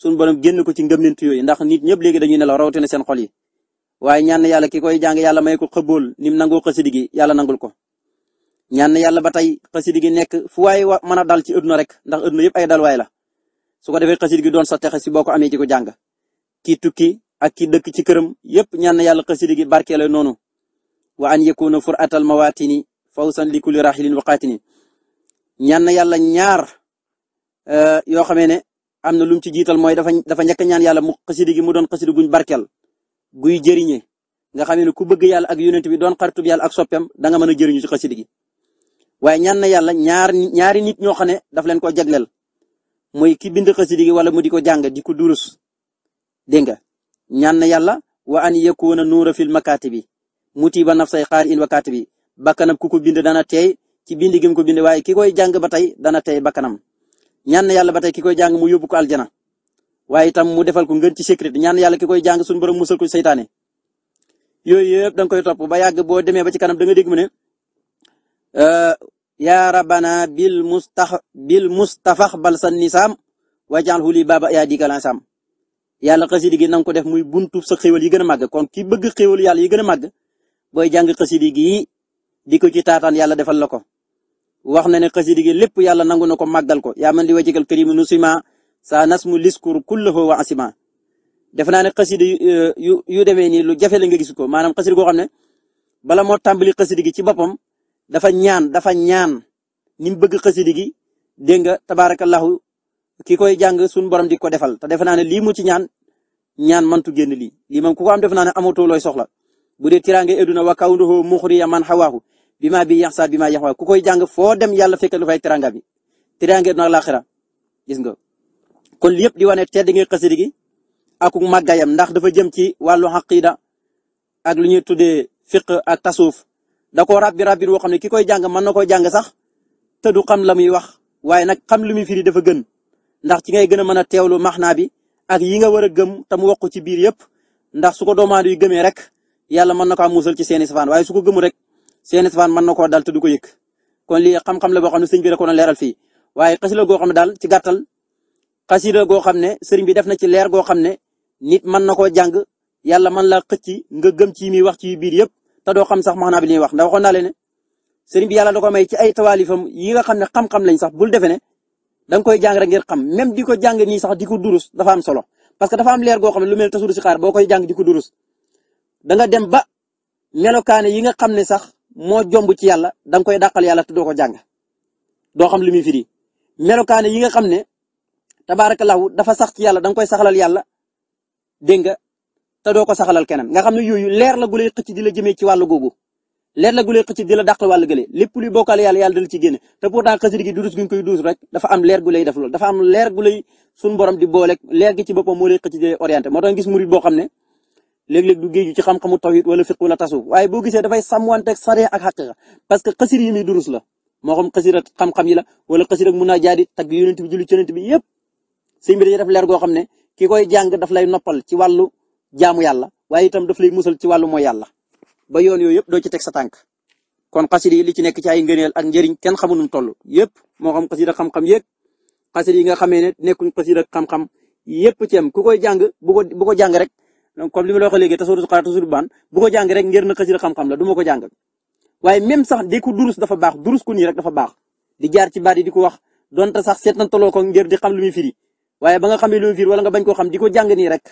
suñu borom génn ko ci ngëmmintu yooyu ndax nit ñëpp léegi dañuy nelaw rawatina seen xol yi waaye ñaan yàlla ki koy jàng yàlla may ko xëbool nim nangoo xasidi gi yàlla nangul ko ñaan yàlla ba tey xasidi gi nekk fu waaye mën a dal ci ëdduna rek ndax ëdduna yëpp ay dal waay la su ko defee xasidi gi doon sa texe si boo ko amee ci ko jàng kii tukki ak kii dëkk ci këram yëpp ñaan yàlla xasidi gi barkeeloo noonu wa an yakuna furatal mawatini fawsan li kulli rahilin waqatini ñaan yàlla ñaar Eh, yoo xamee ne am na lu mu ci jiital mooy dafa dafa njëkk ñaan yàlla mu xasida gi mu doon xasida guñ barkel guy jëriñe nga xamee ne ku bëgg yàlla ak yonent bi doon xaritub yàlla ak sopem da nga mën a jëriñu ci xasida gi waaye ñaan na yàlla ñaar ñaari nit ñoo xam ne daf leen ko jagleel mooy ki bind xasida gi wala mu di ko jàng di ko durus dégg nga ñaan na yàlla wa an yakuna nuura fil makaatibi mutiba nafsay xaar il wakaati bi bakkanam ku ko bind dana tey ci bind gi mu ko bind waaye ki koy jàng ba tey dana tey bakkanam ñaan na yàlla ba tey ki koy jàng mu yóbbu ko aljana waaye itam mu defal ko ngën ci sécurité ñan yàlla ki koy jàng suñu borom musal ko seytaane yooyu yëpp da nga koy topp ba yàgg boo deme ba ci kanam da nga dégg mu ne euh, yaa rabbana bil mustax bil mustafax bal san nisaam wajalhu li baaba yaa dikal ansam yàlla xasidi gi na nga ko def muy buntu sa xéwal yi gën a màgg kon ki bëgg xéwal yàlla yi gën a màgg booy jàng xasidi gi di ko ci taataan yàlla defal la ko wax na ne xasida gi lépp yàlla nangu na ko màggal ko yaa man li wajikal karimu nusima sa nasmu liskur kullahu wa asima defe naa ne xasida e, yu yu demee nii lu jafe la nga gis ko maanaam xasida goo xam ne bala moo tàmbali xasida gi ci boppam dafa ñaan dafa ñaan ni bëgg xasida gi dégg nga tabaarakallahu ki koy jàng suñu borom di ko defal te defe naa ne lii mu ci ñaan ñaan mantu génn lii lii moom ku ko am defe naa ne amatoo looy soxla bu dee tiraange eduna wa kawnduhu muxriya man xawaahu bi bi yax saa bi maa yax ku koy jàng foo dem yàlla fekk lu fay teranga bi teranga na laaxira gis nga kon yépp di wane tedd nga xasida gi ak màggayam ndax dafa jëm ci wàllu xaqida ak lu ñuy tuddee fiq ak tasuuf da ko rabbi rabbi woo xam ne ki koy jàng mën na ko jàng sax te du xam la muy wax waaye nag xam lu muy firi dafa gën ndax ci ngay gën a mën a teewlu maxnaa bi ak yi nga war a gëm te mu wax ko ci biir yëpp ndax su ko doomaadu yi gëmee rek yàlla mën na ko am musal ci seeni safaan waaye su ko gëmu rek seeni safaan mën na koo dal te du ko yëg kon lii xam-xam la boo xam ne sëñ bi da ko doon leeral goo xam ne daal ci def na ci leer goo xam ne nit mën na koo jàng yàlla mën laa xëcc nga gëm ci mi wax ci biir yëpp te doo xam sax maanaam bi li ñuy wax ndax waxoon naa leen ne sëriñ bi yàlla da may ci ay tawaalifam yi nga xam ne xam-xam lañ sax bul defe ne da koy jàng rek ngir xam même di ko jàng nii sax di ko durus dafa am solo parce que dafa am leer goo xam ne lu mel ne tasuru si xaar boo koy jàng di ko durus da yi nga xam ne sax moo jomb ci yàlla da koy dàqal yàlla te doo ko jàng doo xam li muy firi melokaane yi nga xam ne tabaarakallahu dafa sax ci yàlla da nga koy saxalal yàlla dégg nga te doo ko saxalal keneen nga xam ne yooyu leer la gu lay xëcc di la jëmee ci wàllu googu leer la gu lay xëcc di la dàqal wàllu gële lépp luy bokkaale yàlla yàlla dal ci génne te pourtant xasida gi durus guñ koy duus rek dafa am leer gu lay def leer gu lay borom di boole leer gi ci boppam moo lay xëcc di lay orienté moo boo xam ne léeg-léeg du géeju ci xam-xamu tawhid wala fiq wala tasu waaye boo gisee dafay sàmmanteeg sariya ak xaqiqa parce que xasir yi muy durus la moo xam xasir ak xam-xam yi la wala xasir ak mun naa jaadi tagg yonent bi julli ci yonent bi yëpp sëñ bi dañuy leer goo xam ne ki koy jàng daf lay noppal ci wàllu jaamu yàlla waaye itam daf lay musal ci wàllu mooy yàlla ba yoon yooyu yëpp doo ci teg sa tànk kon xasir yi li ci nekk ci ay ngëneel ak njëriñ kenn xamul nu toll yëpp moo xam xasir ak xam-xam yéeg xasir yi nga xamee ne nekkuñ xasir ak xam yëpp ci ku koy jàng bu ko bu ko jàng rek donc comme li ma la waxee léegi tasawudu xalaat tasawudu baan bu ko rek ngir na xasida xam-xam la du ma ko jàng waaye même sax di ko durus dafa baax durus ku nii rek dafa baax di jaar ci baat yi di ko wax donte sax seetantaloo ko ngir di xam lu muy firi waaye ba nga xamee lu muy firi wala nga bañ koo xam di ko jàng nii rek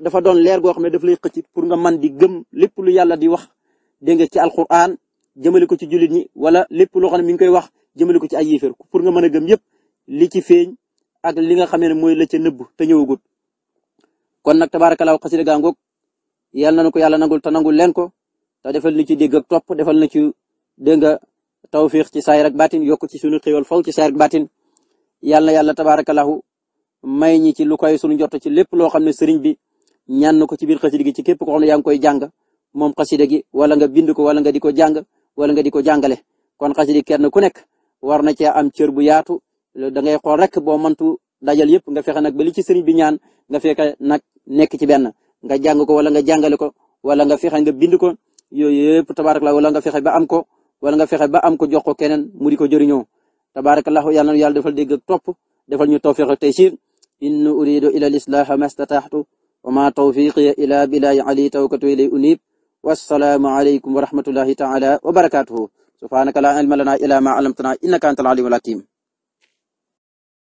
dafa doon leer goo xam ne daf lay xëcc pour nga man di gëm lépp lu yàlla di wax dégg nga ci alquran jëmale ko ci jullit ñi wala lépp loo xam ne mi ngi koy wax jëmale ko ci ay yéefar pour nga mën a gëm yépp li ci feeñ ak li nga xam ne mooy la ca nëbb te ñëwagut kon nag tabaarakallaahu xasida gaa ngoog yal nañu ko yàlla nangul te nangul leen ko te defal ni ci dégg ak topp defal na ci dégg nga tawfiq ci saayir ak baatin yokk ci suñu xéwal faw ci saayir ak baatin yal na yàlla tabaarakallaahu may ñi ci lu koy suñu jot ci lépp loo xam ne sëriñ bi ñaan na ko ci biir xasida gi ci képp ko xam ne yaa ngi koy jàng moom xasida gi wala nga bind ko wala nga di ko jàng wala nga di ko jàngale kon xasida kenn ku nekk war na cee am cër bu yaatu da ngay xool rek boo mëntu dajal yëpp nekk ci benn nga jàng ko wala nga jàngale ko wala nga fexe nga bind ko yooyu yëpp tabaarakallaa wala nga fexe ba am ko wala nga fexe ba am ko jox ko keneen mu di ko jëriñoo tabaarakallaa yàlla na yàlla defal dégg ak topp defal ñu tawfiq ak taysir in uridu ila lislaaha mastataxtu wa ma tawfiqiya ila billahi ali tawkatu ilay unib wassalaamu aleykum wa rahmatullahi taala wa barakatuhu subhanaka la ilma lana ila ma alamtana innaka antal alimul hakim